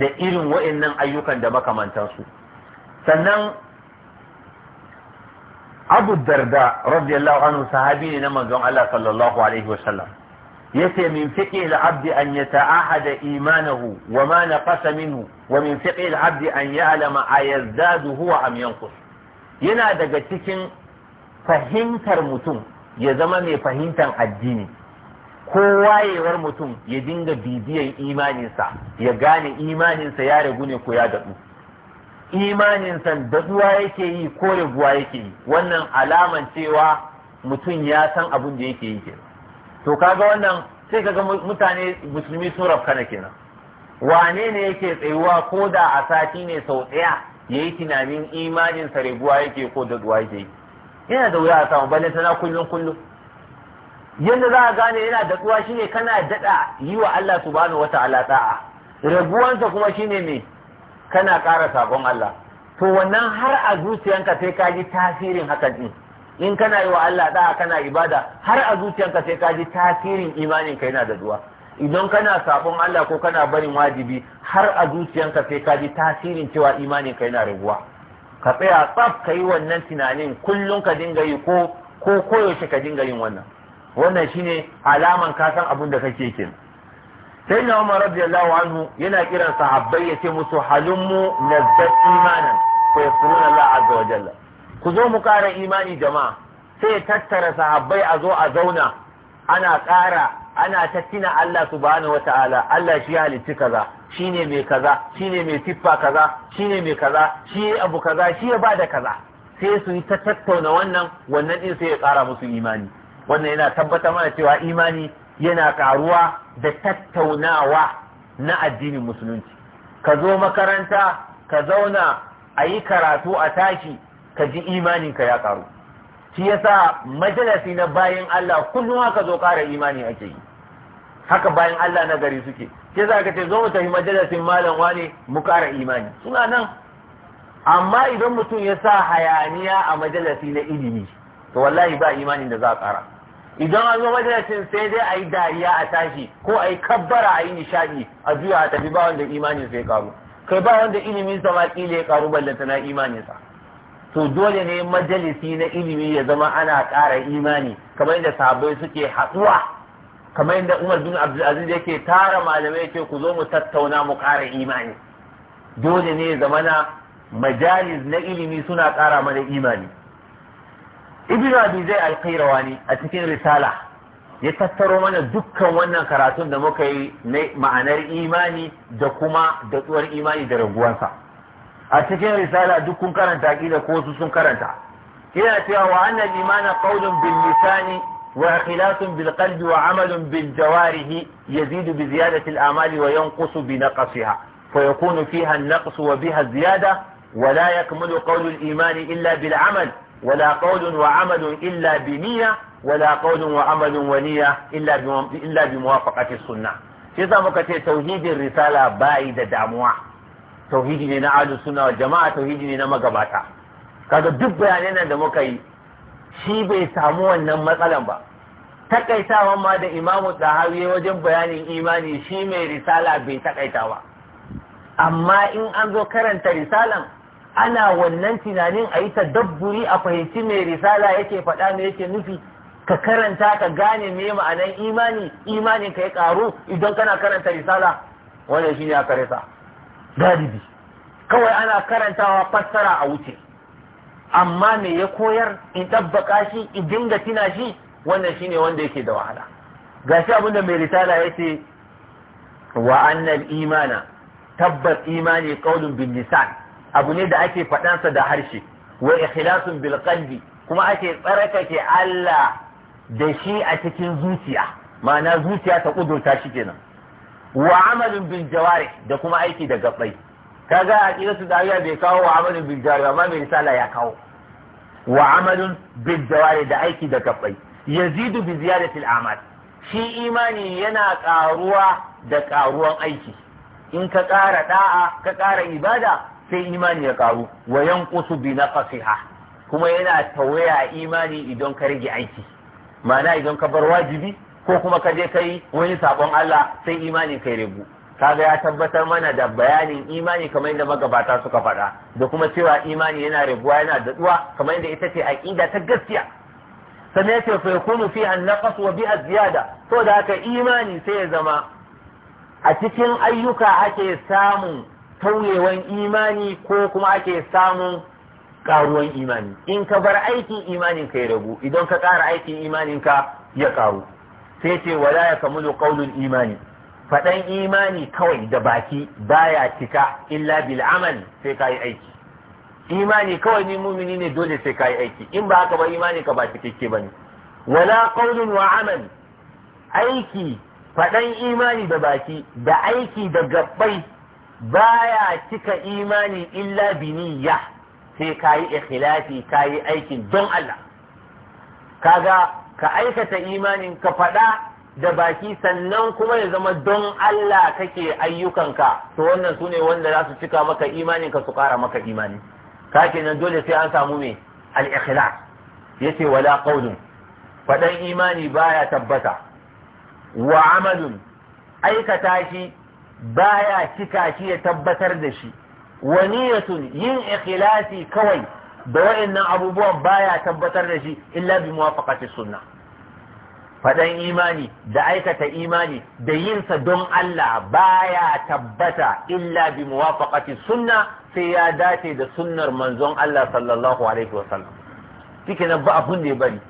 da irin wa'annan ayyukan da makamantansu sannan abu darda radiyallahu anhu sahabi ne na manzon Allah sallallahu alaihi wasallam yace min fiqi al-abd an yata'ahada imanahu wa ma naqasa minhu wa min fiqi al-abd an ya'lama ayazdadu huwa am yanqus yana daga cikin fahimtar mutum ya zama mai fahimtar addini ko wayewar mutum ya dinga bibiyan imaninsa ya gane imaninsa ya ragu ne ko ya daɗu imaninsa daɗuwa yake yi ko raguwa yake yi wannan alaman cewa mutum ya san abin da yake yi kenan to kaga wannan sai kaga mutane musulmi sun rafkana kenan wane ne yake tsayuwa ko da a sati ne sau ɗaya ya yi tunanin imaninsa raguwa yake ko daɗuwa yake yi yana da wuya a samu balle tana kullum kullum yadda za a gane yana da datsuwa shine kana daɗa yi wa Allah subhanahu wa ta'ala ta'a raguwansa kuma shine ne kana ƙara saƙon Allah to wannan har a zuciyanka sai ka ji tasirin hakan din in kana yi wa Allah da'a kana ibada har a zuciyanka sai ka ji tasirin imanin ka yana da duwa idan kana saƙon Allah ko kana barin wajibi har a zuciyanka sai ka ji tasirin cewa imanin ka yana raguwa ka tsaya tsaf ka yi wannan tunanin kullum ka dinga yi ko ko koyaushe ka dinga yin wannan wannan shine alaman ka san abin da kake kin sai na Umar radiyallahu anhu yana kiran sahabbai ya ce musu halummu nazzat imanan fa yasruna Allah azza wa jalla ku zo mu ƙara imani jama'a sai ya tattara sahabbai a zo a zauna ana ƙara ana ta tina Allah subhanahu wa ta'ala Allah shi halitti kaza shine mai kaza shine mai siffa kaza shine mai kaza shi abu kaza shi ya bada kaza sai su yi ta tattauna wannan wannan din sai ya ƙara musu imani wannan yana tabbatar mana cewa imani yana karuwa da tattaunawa na addinin musulunci ka zo makaranta ka zauna a yi karatu a tashi ka ji imaninka ya karu shi yasa majalasi na bayan Allah kullum haka zo ƙara imani ake yi haka bayan Allah na gari suke shi yasa ka ce zo mu tafi majalasin malam wane mu ƙara imani suna nan amma idan mutum ya sa hayaniya a majalasi na ilimi to wallahi ba imanin da za a ƙara idan an zo majalisin sai dai a yi dariya a tashi ko a yi kabbara a yi nishaɗi a juya a tafi ba wanda imanin sai karu kai ba wanda ilimin sa ma ya karu ballanta na imanin sa to dole ne majalisi na ilimi ya zama ana ƙara imani kamar yadda sahabbai suke haɗuwa kamar yadda Umar bin Abdulaziz yake tara malamai yake ku zo mu tattauna mu ƙara imani dole ne ya majalis na ilimi suna ƙara mana imani ibn abi zai alkairawani a cikin risala ya tattaro mana dukkan wannan karatun da muka yi na ma'anar imani da kuma da tsuwar imani da raguwansa a cikin risala duk kun karanta kila ko su sun karanta ina cewa wa annal imana qawlun bil lisani wa khilatun bil qalbi wa amalun bil jawarihi yazidu bi ziyadati al amali wa yanqusu bi naqsiha fa yakunu fiha an naqsu wa biha ziyada wa la yakmulu qawlu al imani illa bil amal ولا قول وعمل إلا بنية ولا قول وعمل ونية إلا إلا بموافقة السنة shi za muka ce tauhidin risala bayi da damuwa tauhidi ne na ahlus sunna jama'a tauhidi ne na magabata kaga duk bayanan nan da muka yi shi bai samu wannan matsalan ba takaitawan ma da imamu tsahawi wajen bayanin imani shi mai risala bai takaita ba amma in an zo karanta risalan ana wannan tunanin a yi dabburi a fahimci mai risala yake faɗa ne yake nufi ka karanta ka gane me ma'anar imani imanin ka ya karu idan kana karanta risala wannan shine aka rasa galibi kawai ana karantawa fassara a wuce amma me ya koyar in tabbaka shi in dinga tina shi wannan shine wanda yake da wahala gashi abin da mai risala yace wa annal imana tabbat imani qaulun bin lisan abu ne da ake faɗansa da harshe wa ikhlasun bil qalbi kuma ake tsarkake Allah da shi a cikin zuciya ma'ana zuciya ta kudurta shi kenan wa amalin bil jawari da kuma aiki da gabbai kaga aqidatu ya bai kawo wa amalin bil jawari amma mai risala ya kawo wa amalin bil jawari da aiki da gabbai yazidu bi ziyadati al shi imani yana karuwa da karuwan aiki in ka ƙara da'a ka ƙara ibada sai imani ya karu wa 'yan yanqusu bi fasiha kuma yana tawaya imani idan ka rage aiki ma'ana idan ka bar wajibi ko kuma ka je kai wani sabon Allah sai imani kai ragu kaga ya tabbatar mana da bayanin imani kamar yadda magabata suka faɗa da kuma cewa imani yana raguwa yana daɗuwa kamar yadda ita ce aƙida ta gaskiya sannan ya ce fa yakunu fi an-naqas wa biha ziyada da haka imani sai ya zama a cikin ayyuka ake samun tauyewan imani ko kuma ake samun karuwan imani in ka bar aikin imanin ka ya ragu idan ka ƙara aikin imanin ka ya karu sai ce wala ya kamulu qaulul imani faɗan imani kawai da baki baya cika illa bil amal sai ka yi aiki imani kawai ni mumini ne dole sai ka yi aiki in ba haka ba imani ka ba cikakke bane wala qaulun wa amal aiki faɗan imani da baki da aiki da gabbai baya cika imani illa biniya sai kayi ikhlasi kayi aikin don Allah kaga ka aikata imanin ka faɗa da baki sannan kuma ya zama don Allah kake ayyukanka to wannan sune wanda za su cika maka imanin ka su ƙara maka imani ka kenan dole sai an samu me al-ikhlas yace wala qawlun faɗan imani baya tabbata wa amalun aikata shi baya cika shi ya tabbatar da shi wa niyyatun yin ikhlasi kawai da wa'annan abubuwan baya tabbatar da shi illa bi muwafaqati sunna fadan imani da aikata imani da yin sa don Allah baya tabbata illa bi muwafaqati sunna sai ya dace da sunnar manzon Allah sallallahu alaihi wasallam kike na ba abun da ya bari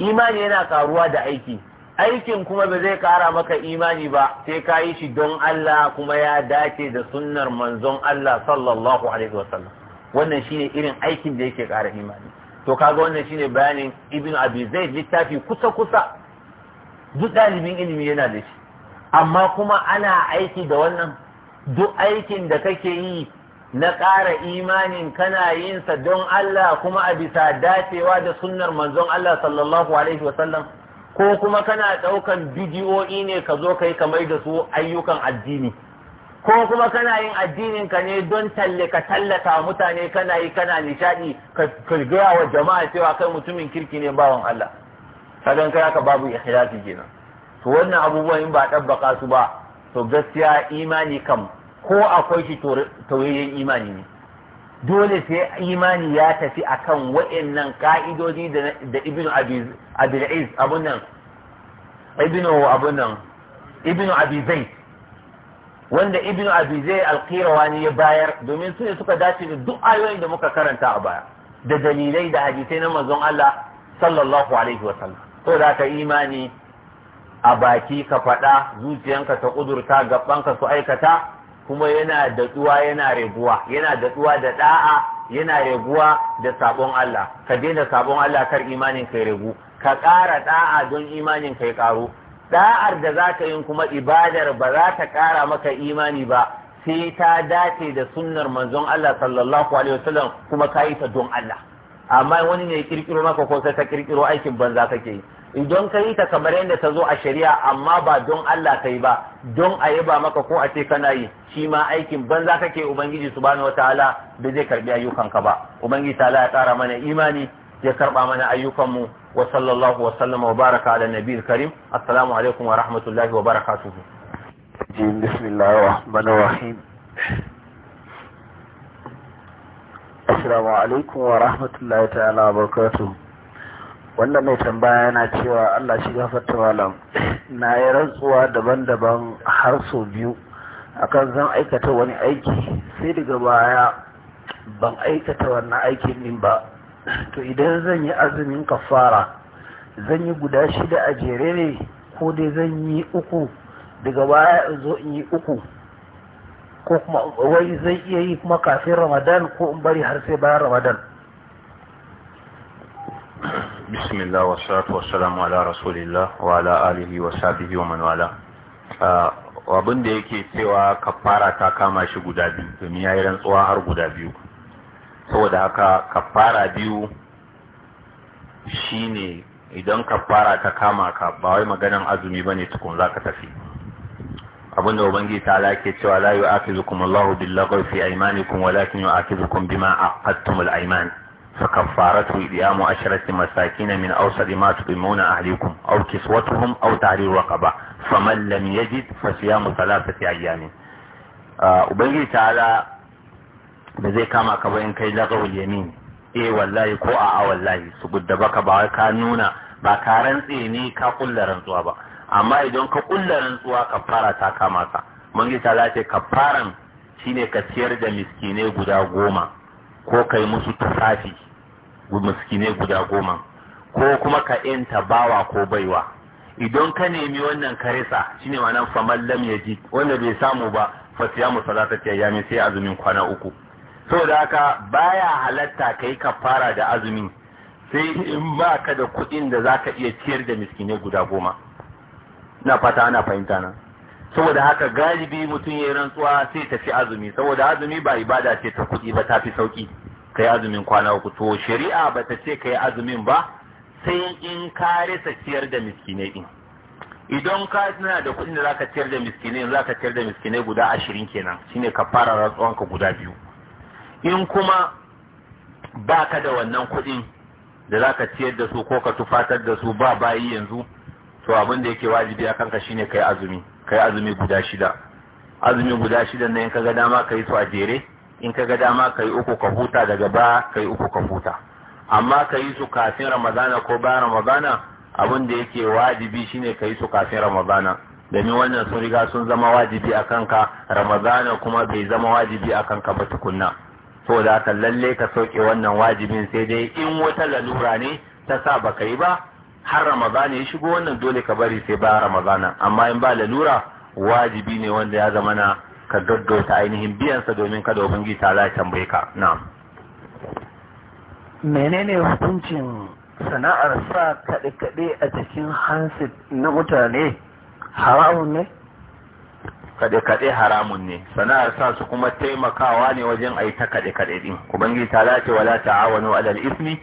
imani yana karuwa da aiki aikin kuma ba zai kara maka imani ba sai ka yi shi don Allah kuma ya dace da sunnar manzon Allah sallallahu alaihi wasallam wannan shine irin aikin da yake kara imani to kaga wannan shine bayanin ibn abi zaid littafi kusa kusa duk dalibin ilimi yana da shi amma kuma ana aiki da wannan duk aikin da kake yi na ƙara imanin kana yinsa don Allah kuma a bisa dacewa da sunnar manzon Allah sallallahu alaihi wasallam ko kuma kana ɗaukan bidiyoyi ne ka zo kai kamar da su ayyukan addini ko kuma kana yin addinin ka ne don talle ka tallata mutane kana yi kana nishaɗi ka gaya wa jama'a cewa kai mutumin kirki ne bawan Allah kagan kai haka babu ikhlasi kenan to wannan abubuwan in ba tabbaka su ba to gaskiya imani kam ko akwai shi tauyayyen imani ne dole sai imani ya tafi akan nan ƙa'idodi da ibnu abiz abun nan ibnu abun nan ibnu abizai wanda ibnu abizai ya bayar domin su ne suka dace da duk ayoyin da muka karanta a baya da dalilai da hadisai na manzon Allah sallallahu alaihi wa to da ka imani a baki ka faɗa zuciyanka ta ƙudurta gabanka su aikata kuma yana da tsuwa yana raguwa yana da tsuwa da da'a yana raguwa da sabon Allah ka daina sabon Allah kar imanin kai ragu ka ƙara da'a don imanin kai karo da'ar da za ka yin kuma ibadar ba za ta ƙara maka imani ba sai ta dace da sunnar manzon Allah sallallahu alaihi wasallam kuma ka yi ta don Allah amma wani ne ya kirkiro maka ko sai ka kirkiro aikin banza kake yi idan ka yi ta kamar yadda ta zo a shari'a amma ba don Allah ka yi ba don a yi ba maka ko a ce kana yi shi ma aikin banza kake ubangiji subhanahu wataala da zai karbi ayyukanka ba ubangiji ta'ala ya tsara mana imani ya karba mana ayyukanmu wa sallallahu wa sallama wa baraka ala nabiyil karim assalamu alaikum wa rahmatullahi wa barakatuh bismillahir rahmanir rahim assalamu alaikum wa rahmatullahi ta'ala wa barakatuh Wannan mai tambaya yana cewa Allah shi gafarta malam na yi rantsuwa daban-daban har sau biyu akan zan aikata wani aiki sai daga baya ban aikata wannan aikin din ba to idan zan yi azumin kafara zan yi guda shida a jere ne ko dai zan yi uku daga baya in zo in yi uku ko kuma wai zai iya yi kuma kafin ramadan ko in bari har sai bayan ramadan بسم الله والصلاه والسلام على رسول الله وعلى اله وصحبه ومن والاه وابن da yake cewa kafara ta kama shi guda biyu domin ya yi rantsuwa har guda biyu saboda haka kafara biyu shine idan kafara ta kama ka ba wai maganan azumi bane tukun zaka tafi abinda ubangiji ta ala ke cewa la yu'akizukum Allahu billaghwi fi aymanikum walakin yu'akizukum bima aqadtum al-ayman فكفارته إدعام عشرة مساكين من أوسط ما تطعمون أهلكم أو كسوتهم أو تحرير رقبة فمن لم يجد فصيام ثلاثة أيام Ubangiji ta'ala da zai kama ka bayan kai lagawul yamin eh wallahi ko a'a wallahi su gudda ba ka nuna ba ka rantse ne ka kulla rantsuwa ba amma idan ka kulla rantsuwa ka fara ta kama ka Ubangiji ta'ala ce ka faran shine ka ciyar da miskinai guda goma ko kai musu tufafi miskinai guda goma ko kuma ka bawa ko baiwa idan ka nemi wannan karisa shine ma'anar famar ya ji, wanda bai samu ba fa siyamu ce ayyamin sai azumin kwana uku saboda haka baya halatta ka kafara da azumi sai in ba ka da kuɗin da za ka iya ciyar da miskinai guda goma na fata ana fahimta nan saboda haka galibi mutum ya yi rantsuwa sai tafi azumi saboda azumi ba ibada ce ta kuɗi ba ta fi sauƙi ka azumin kwana uku to shari'a ba ta ce ka yi azumin ba sai in ka rasa ciyar da miskinai din idan ka tana da kuɗin da zaka ciyar da miskinai za ka ciyar da miskinai guda ashirin kenan shine ka fara ka guda biyu in kuma baka da wannan kuɗin da zaka ciyar da su ko ka tufatar da su ba bayi yanzu to abin da yake wajibi a kanka shine kai azumi kai azumi guda shida azumi guda shida ne in ka ga dama kai su a jere in ka ga dama ka yi uku ka huta daga ba ka yi uku ka huta amma ka yi su kafin ramadana ko bayan ramadana abin da yake wajibi shine ka yi su kafin ramadana domin wannan sun riga sun zama wajibi a kanka ramadana kuma bai zama wajibi a kanka ba tukunna da aka lalle ka sauke wannan wajibin sai dai in wata lalura ne ta sa baka yi ba har ramadana ya shigo wannan dole ka bari sai bayan ramadana amma in ba lalura wajibi ne wanda ya zama na ka gaggauta ainihin biyansa domin kada ubangiji ta ya tambaye ka na menene hukuncin sana'ar sa kaɗe-kaɗe a cikin hansit na mutane haramun ne? kaɗe-kaɗe haramun ne sana'ar sa su kuma taimakawa ne wajen aita kaɗe-kaɗe ɗin ubangiji ta lace wala ta'awanu alal ismi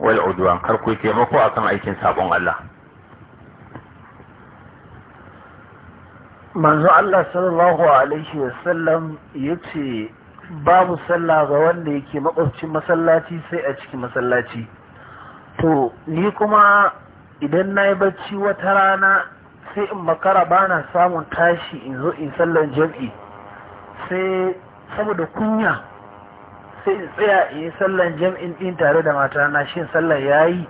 wal udwan kar ku taimako akan aikin sabon Allah manzo Allah sallallahu alaihi wasallam ya ce babu sallah ga wanda yake makwabcin masallaci sai a cikin masallaci to ni kuma idan na yi bacci wata rana sai in makara bana samun tashi in zo in sallan jam'i sai saboda kunya sai in tsaya in yi sallan jam'in din tare da matana shin sallan yayi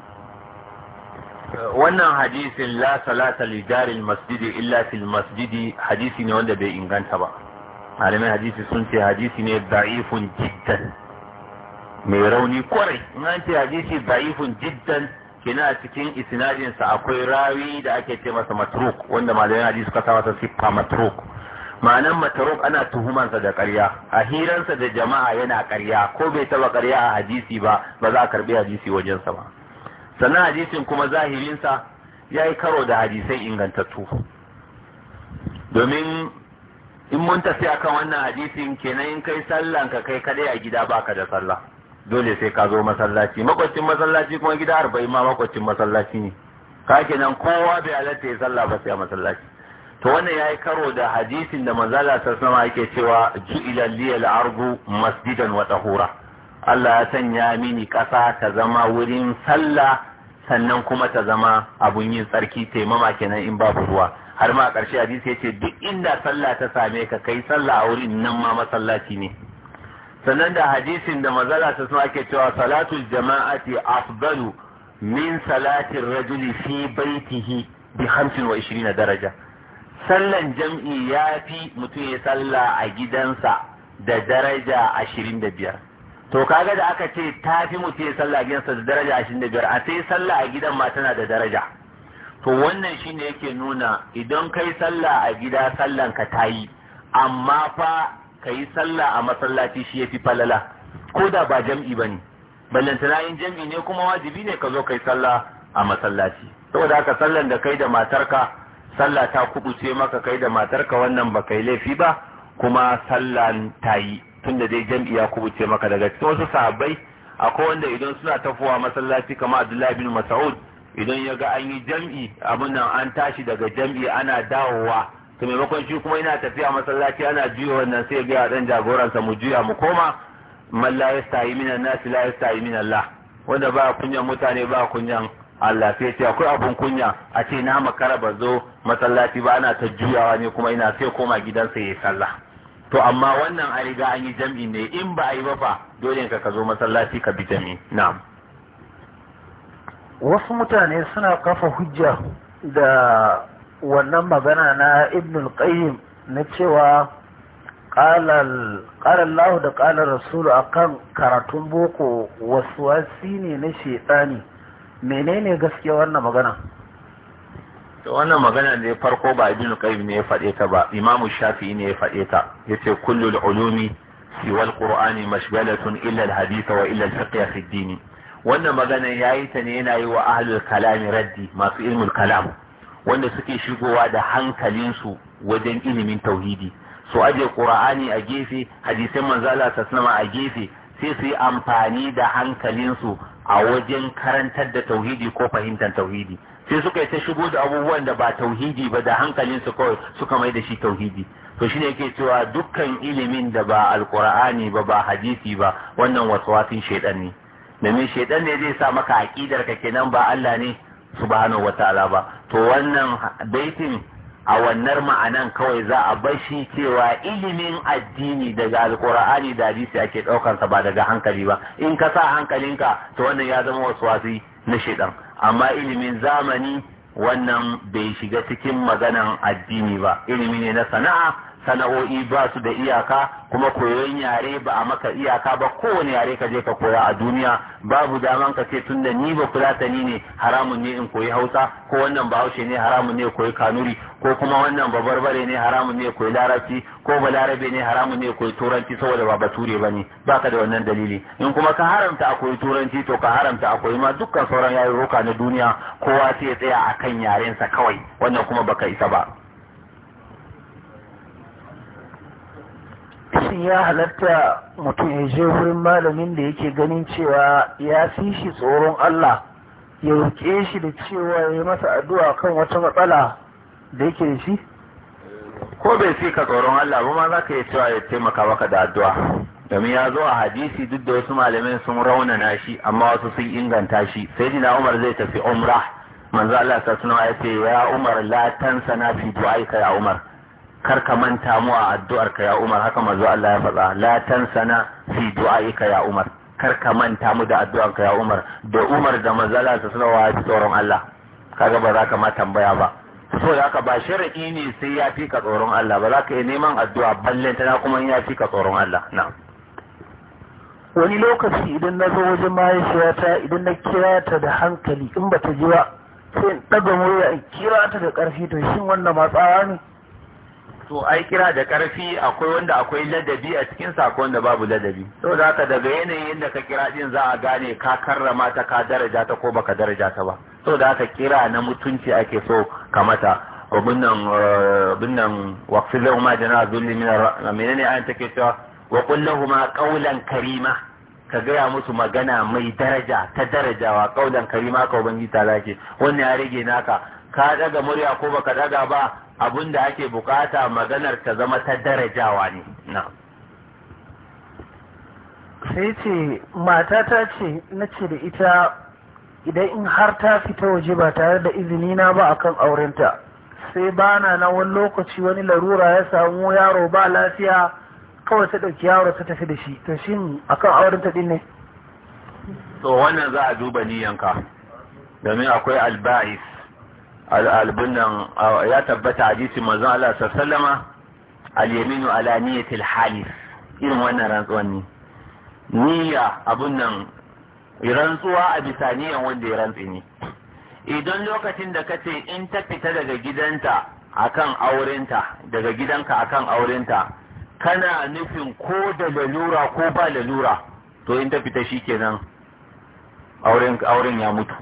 wannan hadisin la salata li jaril masjidi illa fil masjidi hadisi ne wanda bai inganta ba malamai hadisi sun ce hadisi ne da'ifun jiddan mai rauni kwarai in an ce hadisi da'ifun jiddan kina cikin isnadin sa akwai rawi da ake ce masa matruk wanda malamai hadisi suka sa masa siffa matruk ma'anan matruk ana tuhuman sa da ƙarya a hiransa da jama'a yana ƙarya ko bai taba ƙarya a hadisi ba ba za a karbi hadisi wajensa ba sannan hadisin kuma zahirinsa ya yi karo da hadisai ingantattu domin in mun tafi akan wannan hadisin kenan in kai sallan ka kai kadai a gida baka da sallah dole sai ka zo masallaci makwacin masallaci kuma gida arba'in ma makwacin masallaci ne ka kenan kowa bai halatta ya sallah ba sai a masallaci to wannan ya yi karo da hadisin da manzala ta sama yake cewa ju'ila liyal argu masjidan wa tahura Allah ya sanya mini kasa ta zama wurin sallah sannan kuma ta zama abun yin tsarki taimama kenan in babu ruwa har ma a ƙarshe hadisi ya ce duk inda sallah ta same ka kai sallah a wurin nan ma masallaci ne sannan da hadisin da mazala ta suna ake cewa salatul jama'ati afdalu min salatin rajuli fi baitihi bi hamsin wa ishirin na daraja sallan jam'i ya fi mutum ya salla a gidansa da daraja ashirin da biyar to kaga da aka ce ta fi mutum ya sallah gidansa da daraja ashirin da biyar a sai sallah a gidan ma tana da daraja to wannan shine yake nuna idan kai sallah a gida sallan ka tayi amma fa ka yi sallah a masallaci shi ya fi falala ko da ba jam'i ba ne ballantana yin jam'i ne kuma wajibi ne ka zo ka yi sallah a masallaci saboda haka sallan da kai da matarka sallah ta kubuce maka kai da matarka wannan ba kai laifi ba kuma sallan ta yi Tun da dai jam'i ya kubuce maka daga cikin wasu sahabbai akwai wanda idan suna tafowa masallaci kamar Abdullahi bin Mas'ud idan ya ga an yi jam'i abin nan an tashi daga jam'i ana dawowa to maimakon shi kuma yana tafiya masallaci ana juya wannan sai ga dan jagoransa mu juya mu koma man la yastahi minan nas la yastahi min Allah wanda ba kunyan mutane ba kunyan Allah sai ce akwai abun kunya a ce na makara ba zo masallaci ba ana ta juyawa ne kuma ina sai koma gidansa yayi sallah to amma wannan a riga an yi jam'i ne in ba a yi ba fa dole ka zo masallaci ka bi jam'i na'am wasu mutane suna kafa hujja da wannan magana na ibnul qayyim na cewa qala Allah da qala Rasul akan karatun boko wasu wasi ne na shedani menene gaskiya wannan magana to wannan magana ne farko ba ibnu qayyim ne ya faɗe ta ba imamu shafi'i ne ya faɗe ta yace kullul ulumi siwa alqur'ani mashghalatun illa haditha wa illa alfiqh fi ad wannan magana yayi ta ne yana yi wa ahlul kalami raddi masu ilmul kalam wanda suke shigowa da hankalinsu wajen ilimin tauhidi su aje qur'ani a gefe hadisan manzo Allah sallama a gefe sai su yi amfani da hankalinsu a wajen karantar da tauhidi ko fahimtar tauhidi sai suka yi ta shigo da abubuwan da ba tauhidi ba da hankalinsu kawai suka mai da shi tauhidi to shine yake cewa dukkan ilimin da ba alkur'ani ba ba hadisi ba wannan waswasin shaidan ne domin shaidan ne zai sa maka aqidar ka kenan ba Allah ne subhanahu wataala ba to wannan baitin a wannan ma'anan kawai za a bar shi cewa ilimin addini daga alkur'ani da hadisi ake daukar sa ba daga hankali ba in ka sa hankalinka to wannan ya zama waswasi na shaidan amma ilimin zamani wannan bai shiga cikin maganan addini ba ilimi ne na sana'a sana'o'i ba su da iyaka kuma koyon yare ba a maka iyaka ba kowane yare ka je ka koya a duniya babu daman ka ce tunda ni ba fulatani ne haramun ne in koyi hausa ko wannan ba haushe ne haramun ne koyi kanuri ko kuma wannan babarbare ne haramun ne koyi larabci ko balarabe ne haramun ne koyi turanci saboda ba bature ba ne baka da wannan dalili in kuma ka haramta akwai turanci to ka haramta akwai koyi ma dukkan sauran roka na duniya kowa sai ya tsaya akan yarensa kawai wannan kuma baka isa ba shin ya halatta mutum ya je wurin malamin da yake ganin cewa ya fi shi tsoron Allah ya roƙe shi da cewa ya masa addu'a kan wata matsala da yake shi ko bai fi ka tsoron Allah ba ma za ka yi cewa ya taimaka maka da addu'a domin ya zo a hadisi duk da wasu malamai sun raunana shi amma wasu sun inganta shi sai na Umar zai tafi umra manzo Allah ta suna ya ce ya Umar la tansa na fi ka ya Umar kar ka manta mu a addu'ar ka ya Umar haka manzo Allah ya faɗa la tansa na fi ka ya Umar kar ka manta mu da addu'ar ka ya Umar da Umar da manzo Allah ta suna wa tsoron Allah kaga ba za ka ma tambaya ba so da haka ba shari'i ne sai ya fi ka tsoron Allah ba za ka yi neman addu'a ballen tana kuma ya fi ka tsoron Allah na wani lokaci idan na zo wajen mahaifiyata idan na kira ta da hankali in ba ta ji ba sai in ɗaga murya in kira ta da ƙarfi to shin wannan matsawa ne to ai kira da ƙarfi akwai wanda akwai ladabi a cikin sako wanda babu ladabi to da haka daga yanayin da ka kira din za a gane ka karrama ta ka daraja ta ko baka daraja ta ba so da aka kira na mutunci ake so kamata abinnan eh, abinnan waqfilu ma jana dhulli min menene ayan take cewa wa qul lahum qawlan karima ka gaya musu magana mai daraja ta darajawa qawlan karima ka ubangi ta lake wannan ya rage naka ka daga murya ko baka daga ba abinda ake bukata maganar ta zama ta darajawa ne na sai ce ta ce na ce da ita idan in har ta fita waje ba tare da izini na ba akan aurenta sai bana na wani lokaci wani larura ya samu yaro ba lafiya kawai ta ɗauki yaro ta tafi da shi to shin akan aurenta din ne to wannan za a duba niyanka domin akwai alba'is al'albun nan ya tabbata a jisi manzon Allah sallama al-yaminu ala niyyatil halis irin wannan rantsuwan ne niyya abun nan rantsuwa a bisa wanda ya rantsi ne idan lokacin da kace in ta fita daga gidanta akan aurenta daga gidanka akan aurenta kana nufin ko da lalura ko ba lalura to in ta fita shikenan auren auren ya mutu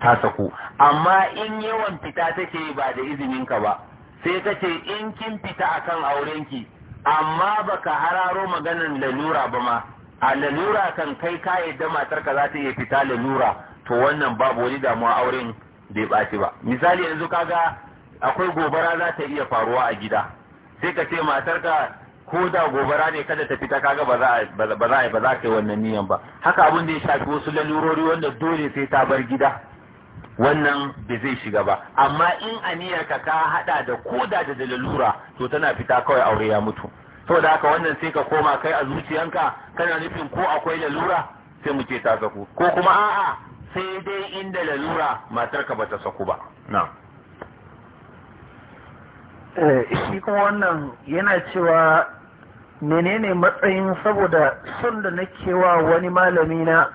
ta saku amma in yawan fita take ba da izinin ka ba sai kace in kin fita akan aurenki amma baka hararo maganar lalura ba ma a lalura kan kai ka yadda matar ka za ta iya fita lalura to wannan babu wani damuwa auren bai ɓaci ba misali yanzu kaga akwai gobara za ta iya faruwa a gida sai ka ce matar ka ko da gobara ne kada ta fita kaga ba za ba za ba ka yi wannan niyan ba haka abin da ya shafi wasu lalurori wanda dole sai ta bar gida wannan bai zai shiga ba amma in aniyarka ka hada da koda da lalura to tana fita kawai aure ya mutu to da haka wannan sai ka koma kai a zuciyanka kana nufin ko akwai lalura sai mu ta saku ko kuma a'a sai dai inda lalura matarka bata saku ba na'am eh, shi kuma wannan yana cewa menene matsayin saboda son da nake wa wani malami na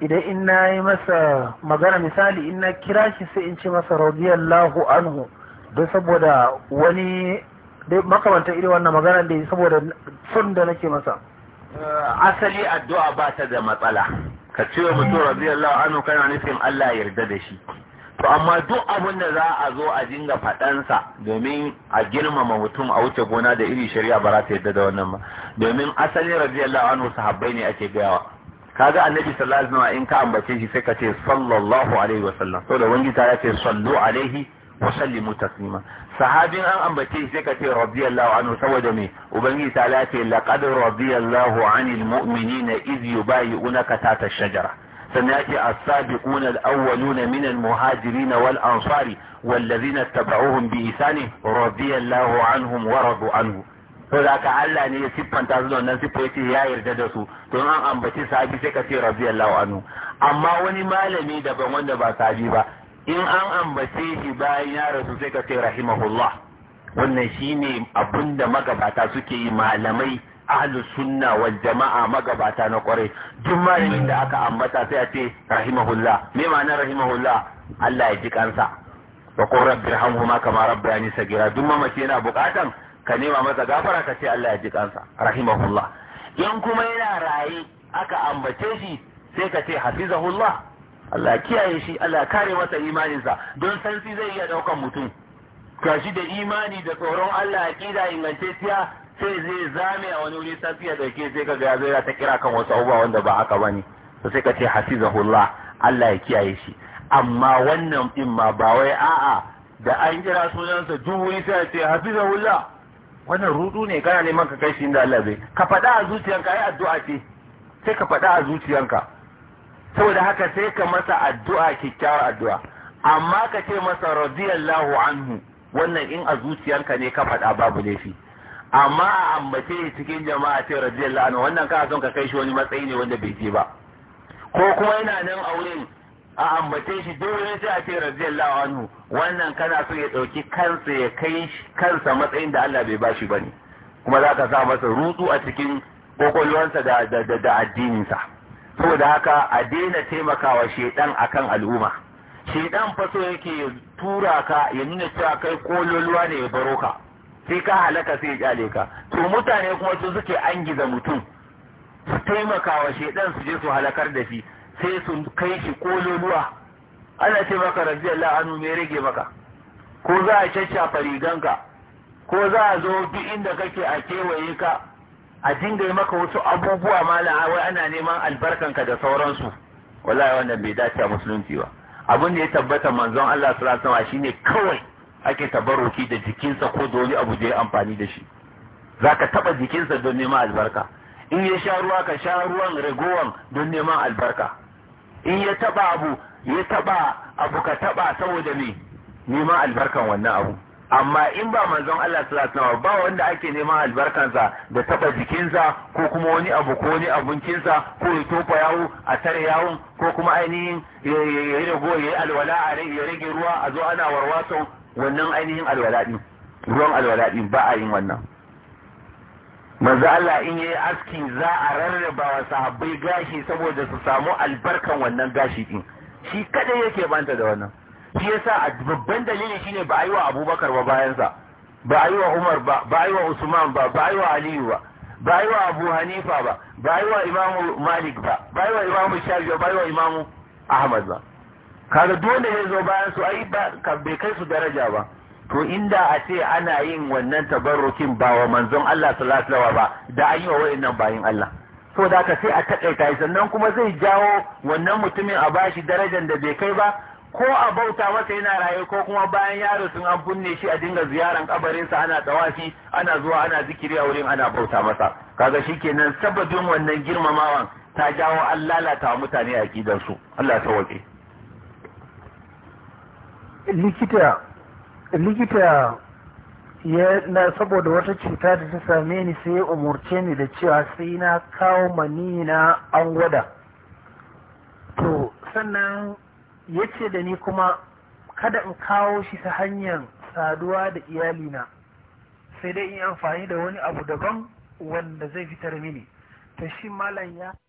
idan in na yi masa magana misali in na kira shi sai in ce masa radiyallahu anhu don saboda wani dai makamanta irin wannan magana da saboda sun da nake masa eh, asali addu'a ba ta da matsala ka ce wa mutum radiyallahu anhu kana nufin Allah ya yarda da shi to amma duk abin da za a zo a dinga faɗansa domin a girmama mutum a wuce gona da iri shari'a ba za ta yarda da wannan ba domin asalin radiyallahu anhu sahabbai ne ake gayawa kaga annabi sallallahu alaihi wasallam in ka ambace shi sai ka ce sallallahu alaihi wasallam saboda wangi ta ya ce sallu alaihi wa taslima sahabin an ambace sai ka ce radiyallahu anhu saboda me ubangi ta lace laqad radiyallahu anil mu'minina iz yubayi'unaka tata shajara sannan ce as-sabiquna al-awwaluna min al-muhajirin wal ansari wallazina tabauhum bi ihsani radiyallahu anhum wa radu anhu to da ka Allah ne ya siffanta su da wannan siffa ya yarda da su to an ambaci sahabi sai ka ce radiyallahu anhu amma wani malami daban wanda ba sahabi ba in an ambace shi bayan ya rasu sai ka ce rahimahullah wannan shine abin da magabata suke yi malamai ahlu sunna wa jama'a magabata na kwarai duk malamin da aka ambata sai a ce rahimahullah me ma'anar rahimahullah Allah ya ji kansa wa qur rabbi irhamhuma kama rabbayani sagira duk mace yana bukatan ka nema masa gafara ka ce Allah ya ji kansa rahimahullah in kuma yana raye aka ambace shi sai ka ce hafizahullah Allah kiyaye shi Allah kare masa imaninsa don santsi zai iya daukan mutum kashi da imani da tsoron Allah ingance tiya sai zai zame a wani wuri santsi ya dauke sai kaga ya ta kira kan wasu abubuwa wanda ba haka bane to sai ka ce hasizahullah Allah ya kiyaye shi amma wannan din ma ba wai a'a da an kira sunansa duk wuri sai ya ce hasizahullah wannan rudu ne kana neman ka kai shi inda Allah bai ka faɗa a zuciyanka ai addu'a ce sai ka faɗa a zuciyanka saboda haka sai ka masa addu'a kyakkyawar addu'a amma ka ce masa radiyallahu anhu wannan in a zuciyarka ne ka faɗa babu laifi amma a ambace cikin jama'a ce radiyallahu anhu wannan ka son ka kai shi wani matsayi ne wanda bai je ba ko kuma yana nan a wurin a ambace shi dole sai a ce radiyallahu anhu wannan kana so ya dauki kansa ya kai kansa matsayin da Allah bai bashi bane kuma zaka sa masa rutsu a cikin kokolwansa da da da addininsa saboda haka a daina taimakawa shedan akan al'umma shedan faso yake ya tura ka ya nuna cewa kai kololuwa ne ya baro ka sai ka halaka sai ya kyale ka to mutane kuma su suke angiza mutum su taimakawa shedan su je su halakar da shi sai su kai shi kololuwa ana ce maka radiyallahu anu me rage maka ko za a caccafa riganka ko za a zo duk inda kake a kewaye ka a dinga maka wasu abubuwa mala wai ana neman albarkanka da sauransu wallahi wannan bai dace a musulunci ba abin da ya tabbata manzon Allah sallallahu alaihi wasallam shine kawai ake tabarruki da jikinsa ko da wani abu da ya amfani da shi zaka taba jikinsa don neman albarka in ya sha ruwa ka sha ruwan ragowan don neman albarka in ya taba abu ya taba abu ka taba saboda me neman albarkan wannan abu amma in ba manzon Allah sallallahu ba wanda ake neman albarkansa da taba jikinsa ko kuma wani abu ko wani abincinsa ko ya tofa yawo a tare yawon ko kuma ainihin ya yi rago ya yi alwala a ya rage ruwa a zo ana warwaso wannan ainihin alwala din ruwan alwala din ba a yin wannan manzo Allah in yayi aski za a rarraba wa sahabbai gashi saboda su samu albarkan wannan gashi din shi kada yake banta da wannan shi yasa babban dalili shine ba a yi wa abubakar ba bayansa ba a yi wa umar ba ba a yi wa usman ba ba a yi wa aliyu ba ba a yi wa abu hanifa ba ba a yi wa imamu malik ba ba a yi wa imamu shafi ba ba a yi wa imamu ahmad ba kaga wanda ya zo bayan su ai ba bai kai su daraja ba to inda a ce ana yin wannan tabarrukin ba wa manzon Allah sallallahu alaihi ba da an yi wa wayannan bayin Allah saboda haka sai a takaita sannan kuma zai jawo wannan mutumin a bashi darajar da bai kai ba ko a bauta masa yana raye ko kuma bayan yaro sun an binne shi a dinga ziyaran kabarinsa ana tawafi ana zuwa ana zikiri a wurin ana bauta masa kaga shikenan sabbin wannan girmamawan ta jawo an lalata wa mutane a su Allah ta waje likita likita ya na saboda wata cuta da ta same ni sai ya umurce ni da cewa sai na kawo manina an gwada to sannan yace da ni kuma kada in kawo shi ta hanyar saduwa da iyalina sai dai in amfani da wani abu daban wanda zai fitar mini to shi malam ya